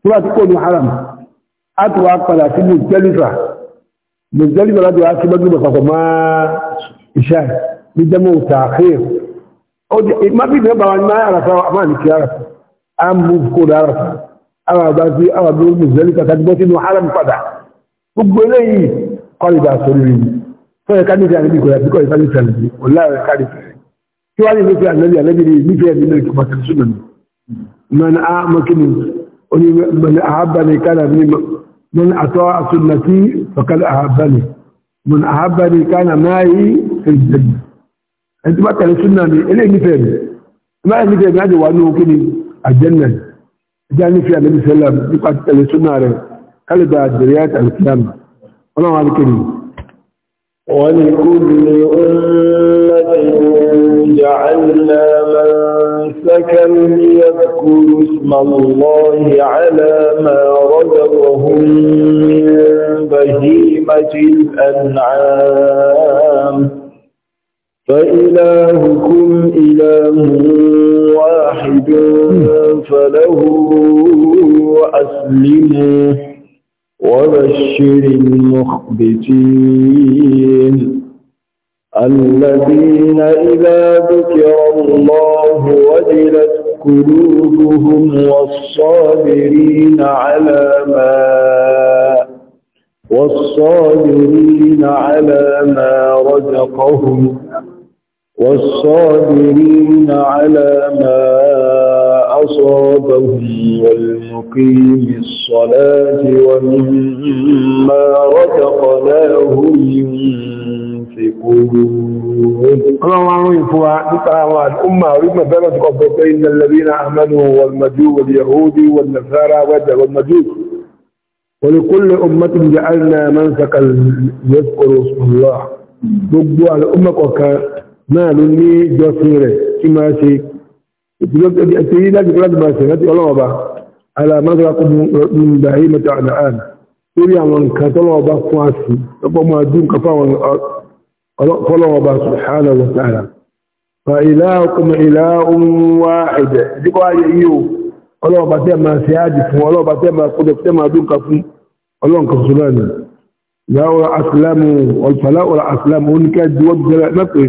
tó bá ti kó ní haram á ti wá padà sí mùtẹ́lifà mùtẹ́lifà láti wá kí mẹ́bìrìbì papọ̀ máa ìṣá ní jẹ́mọ̀ tààkìrì magrib yẹn bàbá ní àràfà àmà ní kí àràfà a mú kó da àràfà àwọn àgbà sí àwọn àgbà ní ìzẹ́lì kàtà gbọ́ sínú haram padà gbogbo eléyìí kọ́lìdà sórí rí fẹ́rẹ̀ ká nífẹ̀ẹ́ àníbì kọ̀yà sí kọ́lì sáré sẹ́lẹ̀ sí ọ̀láàrẹ̀ kárí fẹ́rẹ̀ kí wá ní nífẹ̀ẹ́ àníbì àníbì ní nífẹ̀ẹ́ nínú ìkọ̀mọ̀ sí súnmọ̀ ní mọ̀nà àmọ́kínú oní mọ̀nà àhábàní kánà ní mọ̀nà àtọ́ àsùnnà sí fọ̀kálà àhábàní mọ̀nà àhábàní kánà máa yí fẹ́rẹ̀ ẹni tí bá tẹ̀lé súnà mi eléyìí nífẹ̀ẹ́ mi ìbá yẹn nífẹ̀ẹ́ mi á ti wà ní òkè ni àjẹ́nà ìjà nífẹ̀ẹ́ àlẹ́bí sẹ́lẹ̀ nípa tẹ̀lé súnà rẹ̀ kálíbà àdèrè àti àlùkìyàmù ọlọ́run àlùkìyàmù. ولكل أمة جعلنا منسكا ليذكروا اسم الله على ما رزقهم من بهيمة الأنعام فإلهكم إله واحد فله أسلموا وبشر المخبتين الذين إذا ذكر الله وجلت قلوبهم والصابرين على ما والصابرين على ما رزقهم والصابرين على ما أصابهم والمقيم الصلاة ومما رزقناهم ينفقون الله يفوى نتعوى الأمة وإما بلد قبطين الذين آمنوا والمجوب واليهود والنصارى والمجوب ولكل أمة جعلنا منسكا يذكر اسم الله gbogbo al'umma kọ̀ọ̀kan náà ló ní jọ́sìn rẹ̀ kí máa ṣe ìtìlọ́tì láti láti máa ṣe láti ọlọ́wọ́ bá alamọ́dọ́lá kó mú ìgbàyé mẹ́ta ọ̀nà àn lórí àwọn nǹkan tọ́lọ́wọ́ bá fún àṣì lọ́pọ̀ máa dún nǹkan fáwọn ọlọ́wọ́ bá subhanahu wa ta'ala fa ilahukum ilahun wahid dípò ayé yìí o ọlọ́wọ́ bá tẹ́ máa ṣe áàdì fún ọlọ́wọ́ bá tẹ́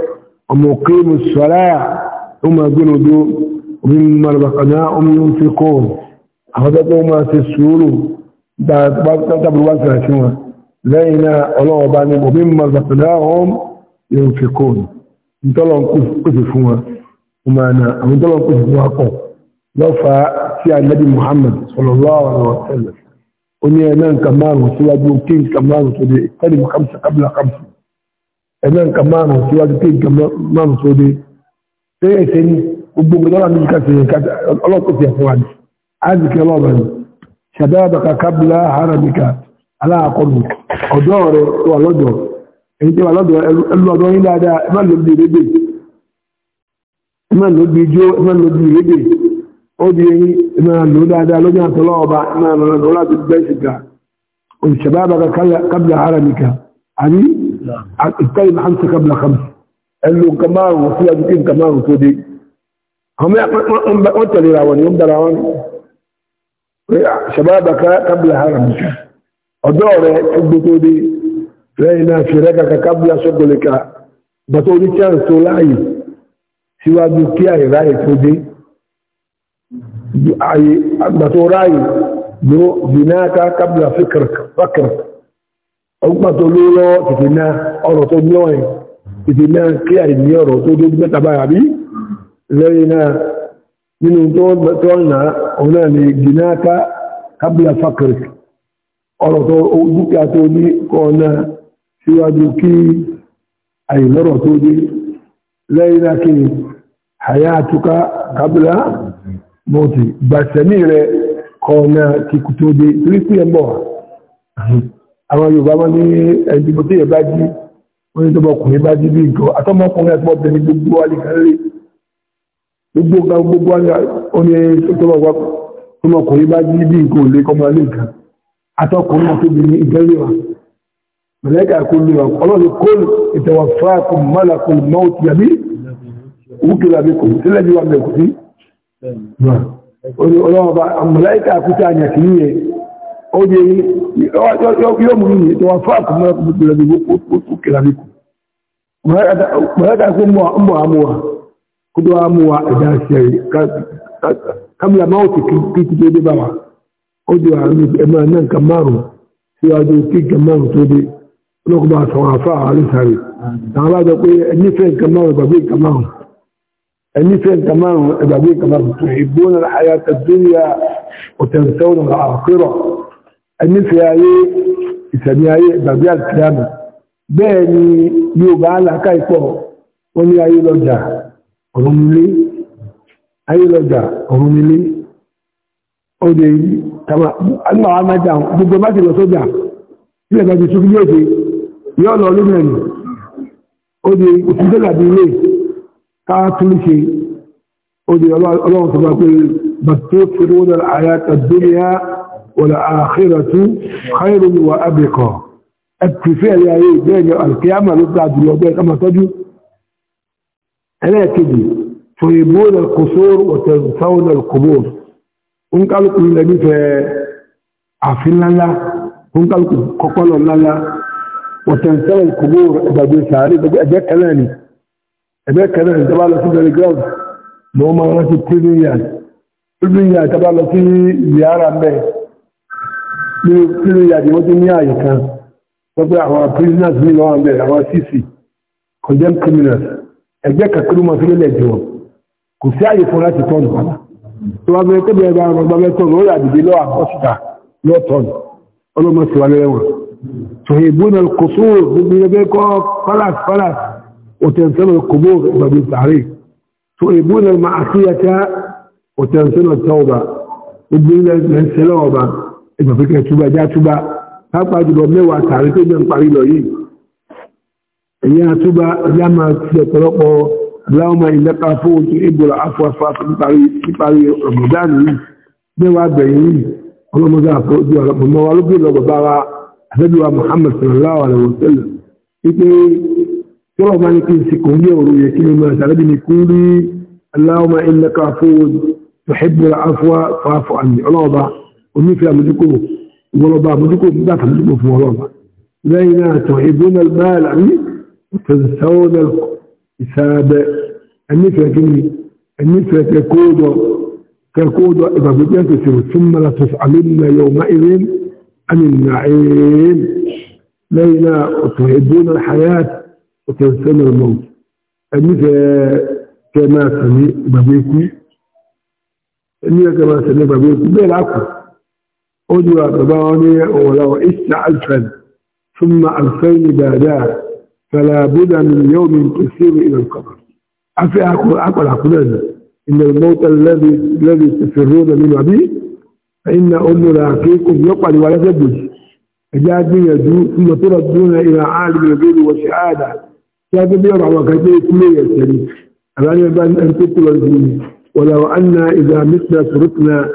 ومقيم الصلاة هم جنود ومما رزقناهم ينفقون أخذتهم ما تسولوا تبروا سنة لينا الله باني ومما رزقناهم ينفقون انتلهم كفوا وما أنا انتلهم كفوا قو لو فا النبي محمد صلى الله عليه وسلم وني أنا كمان وسواجون كين كمان وسواجون خمسة قبل خمسة ẹgbẹ́ nǹkan márùn-ún síwájú pé nǹkan márùn-ún tó ṣé èsè ní gbogbo nǹkan lọ́la níbi káṣí nǹkan ọlọ́kùnfẹ́ fún wa ní azikẹ́ haramika aláàkọ́nù ọ̀dọ́ rẹ̀ tó wà lọ́dọ̀ èyí tó wà lọ́dọ̀ ẹlú ọ̀dọ́ yín dáadáa ẹ má ẹ má ijó ẹ má ó di eyín ẹ má dáadáa lójú àbí ìtẹ́yìn náà ń tẹ́kẹ́ bí lakam ẹlò kamaru sí àdúgbò kamaru tó dé wọ́n tẹ̀lé ra wọn ni wọ́n dára wọn pé ṣàbábà kábílà haram ọ̀dọ́ rẹ̀ ẹgbẹ́ tó dé lẹ́yìn náà fi rẹ́ kàkà kábílà sọ́gbọ̀lẹ́ka bàtọ́ orí chance tó láàyè síwájú kí àìráyè tó dé àgbàtọ́ ráyè ló dìnnáka kábílà fẹ́kẹ̀rẹ̀ ọgbàtọ̀ olóró tètè náà ọ̀rọ̀ tó ní ọ̀rìn tètè náà kí àìní ọ̀rọ̀ tó dójú mẹ́ta báyà bí lẹ́yìn náà nínú tó ọ̀nà ọ̀nà ni gínáàká kábílà fàkìrì ọ̀rọ̀ tó dúkìá tó ní ọ̀nà síwájú kí àìlọ́rọ̀ tó dé lẹ́yìn náà kí àwọn Yorùbá wọn ní ẹ̀dìbò tí yẹn bá jí wọ́n ní tọ́mọkùnrin bá jí bí ìgò àtọ́mọkùnrin ẹ̀pọ̀ tẹ̀lé gbogbo wa nìkan rí gbogbo ọ̀gá gbogbo wa ní tọ́mọkùnrin bá jí bí ìgò lé kọ́mọ ní nǹkan àtọkùnrin àtòbí ní ìgẹ́rẹ́ wa mẹ̀lẹ́kà kò lè wà ọlọ́run kó ìtẹ̀wà oye yóò mú yìí tó wà fáàkù mọ́ ẹkùnkùn lẹ́bí ó kìlá ní kù mọ̀lẹ́dà sí mọ̀ àmúwà kó tó àmúwà ẹ̀dá ṣe kámìlà máa ti kí kí tó dé bá wa ó di àárín ẹ̀mọ́ ẹ̀mọ́ nǹkan márùn sí ọjọ́ kí nǹkan márùn tó dé olókùnbà sọ̀rọ̀ àfà àrísàrí àwọn bá jọ pé ẹnífẹ́ nǹkan márùn ìgbàgbé nǹkan márùn ẹnífẹ́ nǹkan márùn ìgbàgbé nǹkan márùn tó ìgbóná àyàtọ̀ dúnìyà ẹnífẹ́ ayé ìsẹ̀mí ayé gbàgbé àtìyàmù bẹ́ẹ̀ ni yóò bá aláka ìpọ̀ wọ́n ní ayé lọ́jà ọ̀run nílé ayé lọ́jà ọ̀run nílé ọdẹ àwọn amájà gbogbo má ti lọ sọ́jà ilẹ̀ bá ti sókú ní òde yóò lọ lórí ẹ̀nì ọdẹ ọlọ́run tó bá pé bàtó fèrè wọ́n lọ àyàtọ̀ dúnìyà والآخرة خير وأبقى التفاع يا ايه جاي القيامة لطلع دلوقتي كما تجو أنا كده تهبون القصور وتنسون القبور ń kálùkù ilẹ̀ nífẹ̀ẹ́ àfin lálá ń kálùkù kọ́kọ́lọ̀ lálá wọ̀tẹ̀ntẹ́rẹ̀ kògbò ẹgbàgbé sàárè ẹgbẹ́ kẹrẹ́ ni ẹgbẹ́ kẹrẹ́ ni tàbá lọ sí very ground ni wọ́n máa rántí trillion yard sí yàrá mẹ́rin nínú kílù ìyàdì wọ́n tó ní ààyè kan lọ́gbẹ́ àwọn prisoners ní lọ́wọ́ bẹ̀rẹ̀ àwọn cc condemned criminals ẹgbẹ́ kàkúrú mọ́ sílẹ̀ jù wọn kò sí ààyè fún láti tọ́nù padà tó wá bẹ̀rẹ̀ kébẹ̀ ẹgbẹ́ àwọn ọgbà mẹ́tọ́ ló rà dìde lọ́wọ́ àkọ́sìtà lọ́tọ́nù ọlọ́mọ sí wa lẹ́wọ̀n tó yẹ bú náà kò sóò gbogbo ẹgbẹ́ kọ́ palace palace òtẹ̀sẹ́nà kòbó ìgbàgbé tààrí tó yẹ bú náà máa àṣíyàtà òtẹ̀sẹ́nà tẹ́ gbogbo ilẹ̀ ẹgbẹ̀ pé kẹ́ túbá já túbá pápá jùlọ mẹ́wàá tààrí tó jẹ́ ń parí lọ yìí ẹ̀yìn àtúbá ẹ̀yà máa ti ọ̀pọ̀lọpọ̀ láwọn ìlẹ́ka fóòtù ìbòrò afọ́fà níparí Ramadan yìí mẹ́wàá onífẹ́ àmójúkò ìwọlọ́ba àmójúkò nígbà àmójúkò fún ọlọ́ba lẹ́yìn náà tàn ìbúnà báàlà rí tẹ̀sánwọ́nà ìsàbẹ̀ ẹnífẹ́ kíni ẹnífẹ́ kẹkóòdọ kẹkóòdọ ìgbàgbọ́jẹ́ tòṣèlú tún mọ́ra tòṣ àlùmọ̀ yóò má irin àmìnà ẹ̀ẹ́m lẹ́yìn náà tàn ìbúnà hayat tẹ̀sánwọ́nà mọ́t ẹnífẹ́ kẹ máa sàmì ìgbàgbọ́ ikú ẹnífẹ́ kẹ máa sàmì ìgbàgbọ́ ikú bẹ́ẹ̀ lákùú أدوى بضاني ولو ألفا ثم ألفين بادا فلا بد من يوم تسير إلى القبر أفي أقول أقول أقول إن الموت الذي الذي تسرون منه به فإن أم لاقيكم يقعد ولا تدري أجاد من ثم تردون إلى عالم الغيب والشهادة كاد بيرع وكذا كل يسري الآن يبان أن تدخل ولو أن إذا متنا سرقنا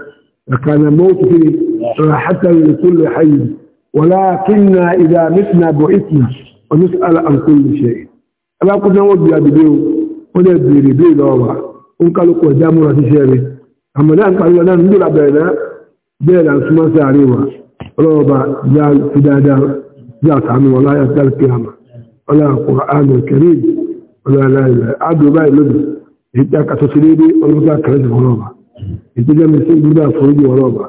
لكان موت فيه راحة لكل حي ولكننا إذا متنا بعثنا ونسأل عن كل شيء أبا قلنا ودي أبديو ودي أبديري بي لوما ونقالوا قوة في تشاري أما لا نقالوا لا نقول أبينا بينا سما سعريوا روبا جال فدادا جات عمي ولا يسأل القيامة ولا القرآن الكريم ولا لا إله عبد الله لبس هداك أتسليبي ولا ذاك رزق ولوما إنت جميل سيد الله فريدي ولوما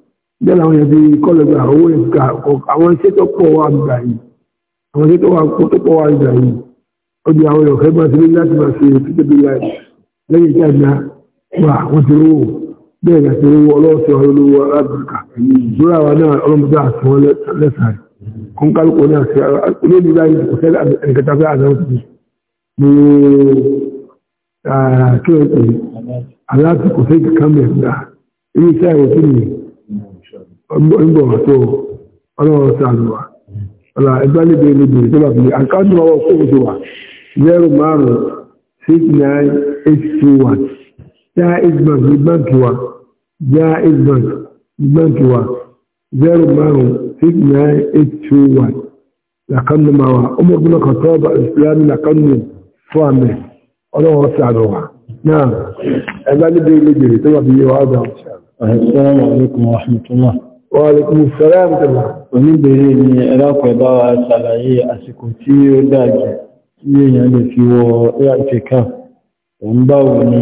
bẹ́ẹ̀ àwọn ẹ̀bí kọlọ̀gbà owó ìgbà àwọn iṣẹ́ tó pọ̀ wà gbà yìí àwọn iṣẹ́ tó wà kó tó pọ̀ wà gbà yìí ó di àwọn ọ̀fẹ́ máa ṣe ní láti máa ṣe títẹ̀ bí láì lẹ́yìn ìjà ìjà wà wọ́n ti rówó bẹ́ẹ̀ gà ti rówó ọlọ́ọ̀sẹ̀ olówó alábùkà lórí àwa náà ọlọ́mọdé àti wọn lẹ́sàáì kó ń kálukú ní àṣẹ olóòdì láì kò sẹ́ ẹ̀kẹta fẹ́ àdáwọ̀ ti ní kí wọ́n pè é aláàtì kò fẹ́ kàmẹ́ẹ̀dà ọgbọ̀n tó ọlọ́run tí a na wà ọ̀là ẹgbẹ́ níbi níbi tó bá fi wà zero márùn six nine eight two one já eight bank wa já eight bank wa zero márùn six nine eight two one làkànnù máa ọmọ ọdún náà kan ọba ìsìlámù làkànnù fún a náà níbi Wàlùkùn sọ́rọ̀ àmìtàlá. Oníbèrè ni ẹ̀rápẹ̀ wa ṣàlàyé àsìkò tí ó dájú tí èèyàn lè fi wọ Òun báwo ni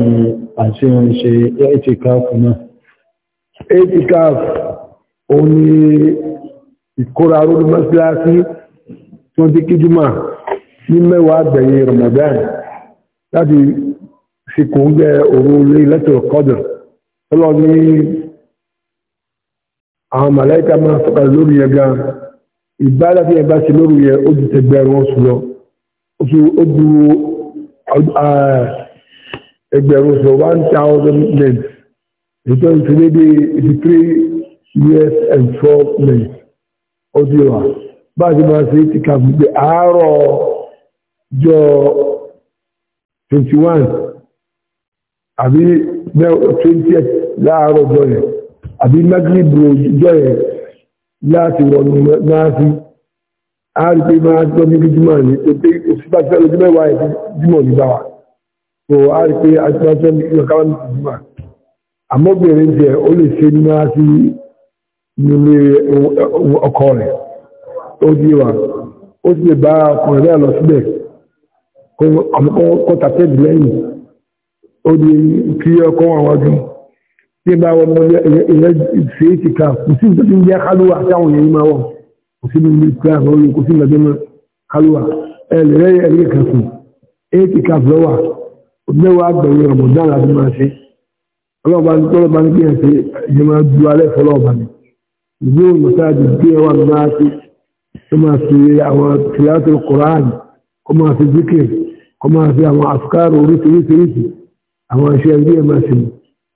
àwọn màláìka máa sọ̀kà lórí yẹn gan ìbára fi ẹ̀bá sí lórí yẹn ó ju tẹgbẹ̀rún oṣù lọ ó ju ẹgbẹ̀rún oṣù one thousand men ìjọ ìṣẹ̀lẹ̀ bí eighty three years and four months، ó di wa bá a ti máa ṣe ti kà fún pé àárọ̀ jọ twenty one àbí twenty láàárọ̀ jọ yẹn àbí magrib jọ yẹ láti wọnú náàfi a rí pé máa gbọ́ ní jùmọ̀ ní tó pé òsínbà tí ọlọ́jọ́ mẹ́wàá ẹ̀ jùmọ̀ ní báwa tó a rí pé àtúnṣe ìyọkáwá ní jùmọ̀ àmọ́bìnrin jẹ́ ó lè ṣe ní máa sí nílé ọkọ rẹ̀ ó di wa ó sì lè bá ọkùnrin náà lọ síbẹ̀ kó tàtẹ́ẹ̀dì lẹ́yìn ó di kí ọkọ àwọn ọdún tí bá wọn mọ ilẹ̀ ṣe é ti ka kò sí tó ti ń jẹ́ kálúwà táwọn èèyàn máa wọ̀ kò sí ní ìlú kan àwọn olùkọ́ sí ìgbàgbé mọ́ kálúwà ẹlẹ́rẹ́ ẹ̀rí kan sùn é ti ka fúlọ́wà mẹ́wàá gbẹ̀yìn ọ̀mọ̀dán láti máa ṣe ọlọ́ọ̀bá ní tọ́lọ́ bá ní kí ẹ̀ ṣe ìyẹn máa du alẹ́ fọlọ́ọ̀bá ni ìlú òmùsáàjì gbé ẹwà máa ṣe tó máa ṣe àwọn tìlátò kọ̀ráànì kó máa ṣe zikir kó máa ṣe àwọn àfikárò oríṣiríṣiríṣi àwọn iṣẹ́ ilé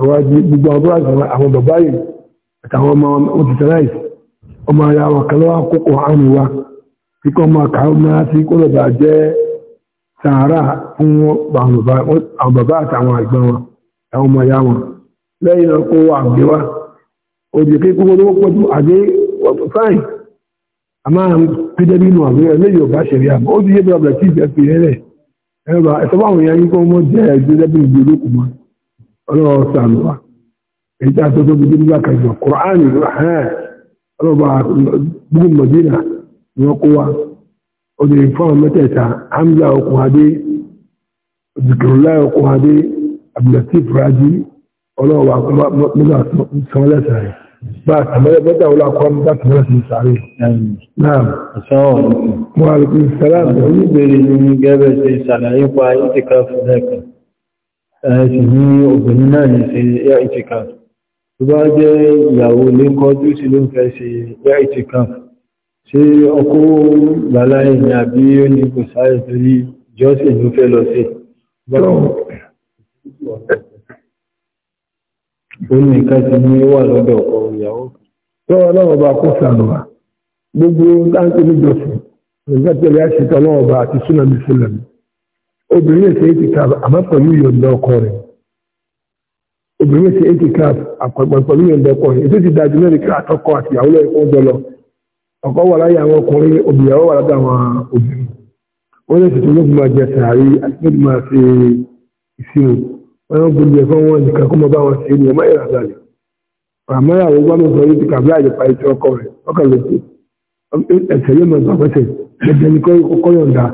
àwọn gbogbo àwọn bọ́lá ìgbàmọ́ àwọn bàbá yìí àtàwọn ọmọ wọn ti akụkọ ọmọ ara wọn kan lọ́wọ́ kókò wa tí kò máa máa ti kó jẹ́ fún àwọn bàbá àtàwọn àgbà wọn àwọn ọmọ ya wọn lẹ́yìn náà kó wà gbé kí kókó lówó pọ̀jù fáìn a máa ń pédé nínú àgbé ẹlẹ́yìn ọba ṣẹlẹ̀ ó ti yé bí tí ọlọ́wọ́ sànù wa èyí tí a tó tó gbogbo nígbà kẹjọ kùránì ọlọ́ba gbogbo mọ̀dínà ni wọ́n kó wa obìnrin fáwọn mẹ́tẹ̀ẹ̀ta hamza okun adé zikirula okun adé abdulatif raji ọlọ́wọ́ mọ́tà sanwó-lẹ́sẹ̀ rẹ̀ bá a sàmẹ́lẹ̀ mẹ́ta wọlé akọ́ mọ́tà sanwó-lẹ́sẹ̀ sàárè náà sọ́wọ́n wà lókè sàlá àti oníbèrè ní gẹ́gẹ́ ìsàlàyé pa ìtìkà fún ẹ̀kọ́ ẹ̀ẹ́sì ní obìnrin náà ní ṣe air itikaf tó bá jẹ́ ìyàwó lè kọjú sí ló ń fẹ́ ṣe air itikaf ṣe ọkọ gbàláyé ní àbí ó ní kò sáré torí jọ́sì ló fẹ́ lọ sí gbogbo dáńkì ní jọ́sì ìgbẹ́tẹ̀lẹ́ àṣìkọ́ lọ́wọ́ bá àti súnà ní sílẹ̀ mi obìnrin lè ṣe eighty cap àmọ́ pẹ̀lú ìyọ̀ǹda ọkọ rẹ̀ obìnrin lè ṣe eighty cap àpapọ̀ pẹ̀lú ìyọ̀ǹda ọkọ rẹ̀ ètò ti dájú mẹ́rin kí àtọkọ àti ìyàwó lẹ́yìn fún jọlọ ọkọ wà láyé àwọn ọkùnrin obìyàwó wà lábẹ́ àwọn obìnrin wọ́n lè ṣètò olóògùn máa jẹ sàárì àti pé máa ṣe ìṣirò wọ́n yóò gbogbo ẹ̀fọ́ wọn nìkan kó mọ bá wọn ṣe é ní ọmọ ìrà àgbàlẹ̀ àmọ́yàwó bá mi sọ yìí ti kàbí àyè pa ètò ọkọ rẹ̀ ọkọ̀ lè ṣe ẹ̀sẹ̀ yóò mọ̀ gbàgbọ́sẹ̀ ẹ̀jẹ̀ ní kọ́ yọ̀ǹda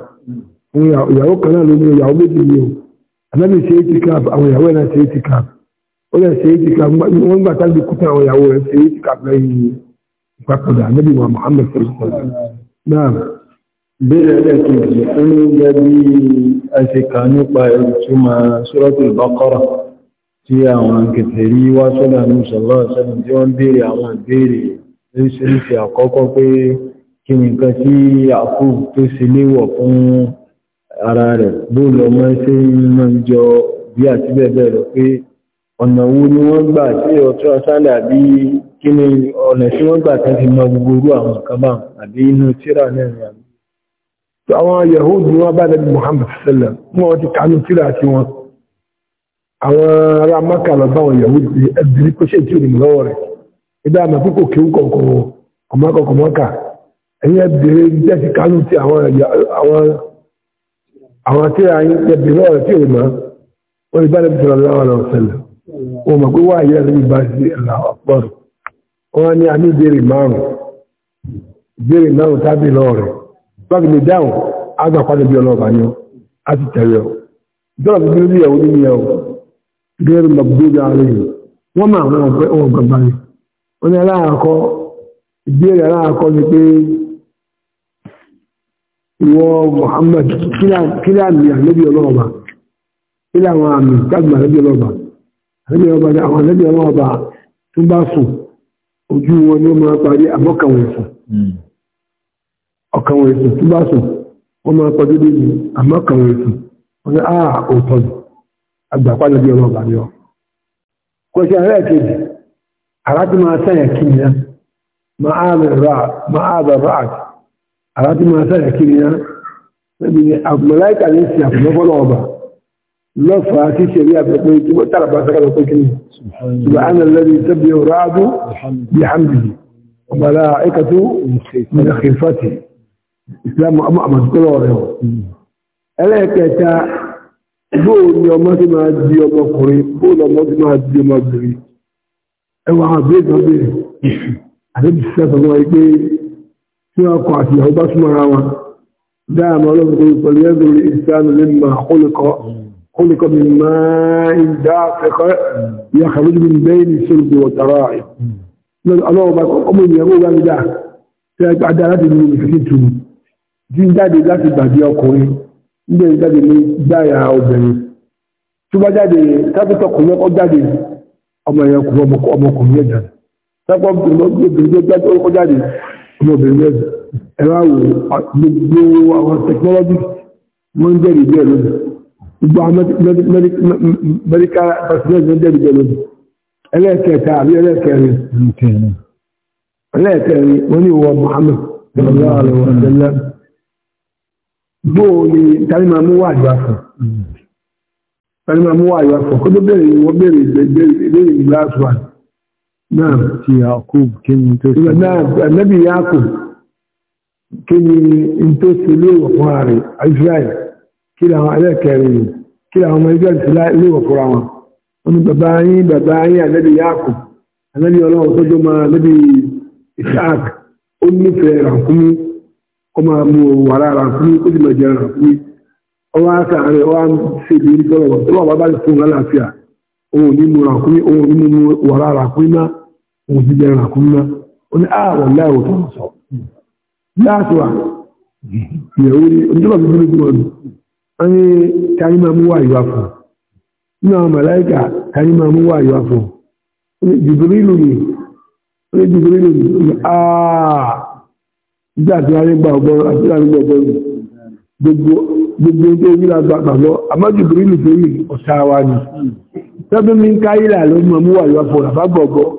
ìyàwó kan náà ló ní ìyàwó méjì ní o ànábì ṣe é ti káàbù àwọn ìyàwó ẹ̀ náà ṣe é ti káàbù ó lẹ̀ ṣe é ti káàbù wọ́n gbà kúta àwọn ìyàwó rẹ̀ ti lẹ́yìn ìpapòdà wa ó ní bí a ṣe kà nípa ìtumọ̀ Suratul Baqara tí àwọn kèfèrí wá sọ́dọ̀ ní sallallahu tí wọ́n ara rẹ̀ bó lọ mọ́ ṣe mọ́ jọ bí àti bẹ́ẹ̀ lọ pé ọ̀nà wo ni wọ́n gbà tí ọ̀tọ́ sálà bí kí ni ọ̀nà tí wọ́n gbà tán fi mọ gbogbo orú àwọn kaba àbí inú tíra náà ni àbí tó àwọn Yahudi wọn bá dẹbi Muhammad sallam fún wọn ti kánú tíra àti wọn àwọn ará Maka lọ bá wọn Yahudi ẹbìrì pé àwọn tí a yí pẹ̀bí lọ́rọ̀ tí ò mọ́ wọ́n ibá lẹ́bí sọ̀rọ̀ láwọn ọ̀rọ̀ o mọ̀ pé wáyé ẹ̀rọ ìbá sí ẹ̀là ọ̀pọ̀rọ̀ wọ́n ní a ní ìbéèrè márùn ìbéèrè márùn tábí lọ́rẹ̀ lọ́gbì lè dáhùn àgbà bí ọlọ́ọ̀bà ni wọ Muhammad kílá àmì àlẹ́bí ọlọ́ọ̀bá kílá àwọn àmì tágbà àlẹ́bí ọlọ́ọ̀bá àlẹ́bí ọlọ́ọ̀bá ní àwọn àlẹ́bí ọlọ́ọ̀bá tó bá sùn ojú wọn ni ó máa parí àmọ́kàwọn ẹ̀sùn hmm. ọkàwọn ẹ̀sùn tó bá sùn wọ́n máa pọ̀ dédé ní àmọ́kàwọn ẹ̀sùn wọ́n ní ah, òótọ́ ni àlẹ́bí ọlọ́ọ̀bá ni kejì àrá máa kí ni àwọn tí máa sáyà kiri yá níbi ni àgbọ̀láìkà ní ti àfọ̀mọ́fọ́lọ́ ọba lọ́fàá tí ṣẹ̀rí àpẹẹpẹ tí wọ́n tààrà bá sára lọ́pẹ́ kiri ṣùgbọ́n àná lẹ́nu tẹ́bi ọ̀rọ̀ ààbò bí hàmìlì ọ̀bàlá ẹ̀kàtú mẹ́lẹ̀kẹfàtì ìsìlámù ọmọ àmàdúkọ́lọ́ rẹ̀ ọ̀ ẹlẹ́ẹ̀kẹta bóò ni ọmọ tí máa di tí ọkọ̀ àti ìyàwó bá ara wọn dáàmà ọlọ́run kò pẹ̀lú ẹgbẹ̀rún ìsánù lè máa kólùkọ́ mi máa ń dá ẹ̀kọ́ ìyàkàlú jù mí bẹ́ẹ̀ ní ọmọbìnrin ẹ̀rọ gbogbo àwọn technology wọ́n jẹ́rìí bẹ́ẹ̀ lónìí gbogbo medical personnel wọ́n jẹ́rìí bẹ́ẹ̀ lónìí ẹlẹ́ẹ̀kẹta àbí ẹlẹ́ẹ̀kẹrin ẹlẹ́ẹ̀kẹrin wọ́n ní wọ Muhammad sallallahu alaihi wa sallam gbóò ni tani máa mú wáyé wá fún tani máa mú wáyé wá fún kó tó bẹ̀rẹ̀ wọ́n bẹ̀rẹ̀ ìgbà àtúwàdì náà ti Yakub kí ni tó ṣe náà ẹ̀lẹ́bì Yakub kí ni tó ṣe léèwọ̀ fún ààrẹ Israel kí làwọn ẹlẹ́kẹrin yìí kí làwọn ọmọ Israel ti léèwọ̀ fúnra wọn wọn ni bàbá yín bàbá yín ẹ̀lẹ́bì Yakub ẹ̀lẹ́bì ọlọ́run tó jọ ma ẹ̀lẹ́bì Isaac òun ti jẹun àkúnná ó ní ààrọ̀ láàrò tó ń sọ láàtò à ìyẹ̀wò ní oníjọba fi bínú gbọ́n ní wọ́n ní káyí máa mú wà yíwá fún nínú àwọn màláìkà káyí máa mú wà yíwá fún ó ní jùbìrí ìlú ni ó ní jùbìrí ìlú ni ó ah, gbogbo gbogbo tó ní àgbà lọ àmọ́ jùbìrí ìlú ni sábẹ́ mi ń káyí ló mọ̀ mú wà yíwá fún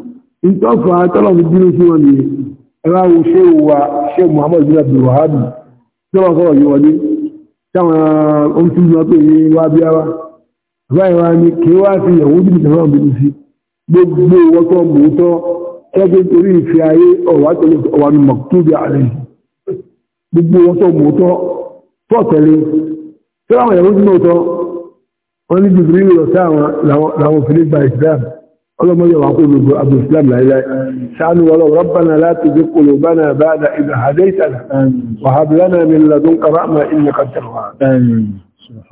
ìtọ́fà tọ́lọ̀mù bínú sí wọn ni ẹwà wo ṣe wà ṣe Muhammad bin Abdul Wahhab tọ́wọ́ sọ́rọ̀ yìí wọlé táwọn oúnjẹ ìjọba pé ní wá bí ara báyìí wá ní kí wá sí ìyàwó bí ìjọba bínú sí gbogbo wọ́tọ́ mòótọ́ ẹgbẹ́ torí ìfẹ́ ayé ọ̀wà tẹ̀lé ọ̀wà ní mọ̀kútúbí ààrẹ gbogbo wọ́tọ́ mòótọ́ tọ́ tẹ̀lé tọ́wọ́ àwọn ìyàwó bí mòótọ́ wọ́n ní jùbìrí lọ sí àwọn làwọn òfin gba ìsìlámù اللهم يا معقول ابو الاسلام لا اله سالوا ولو ربنا لا تزغ قلوبنا بعد اذ هديتنا وهب لنا من لدنك رحمه انك انت الوهاب امين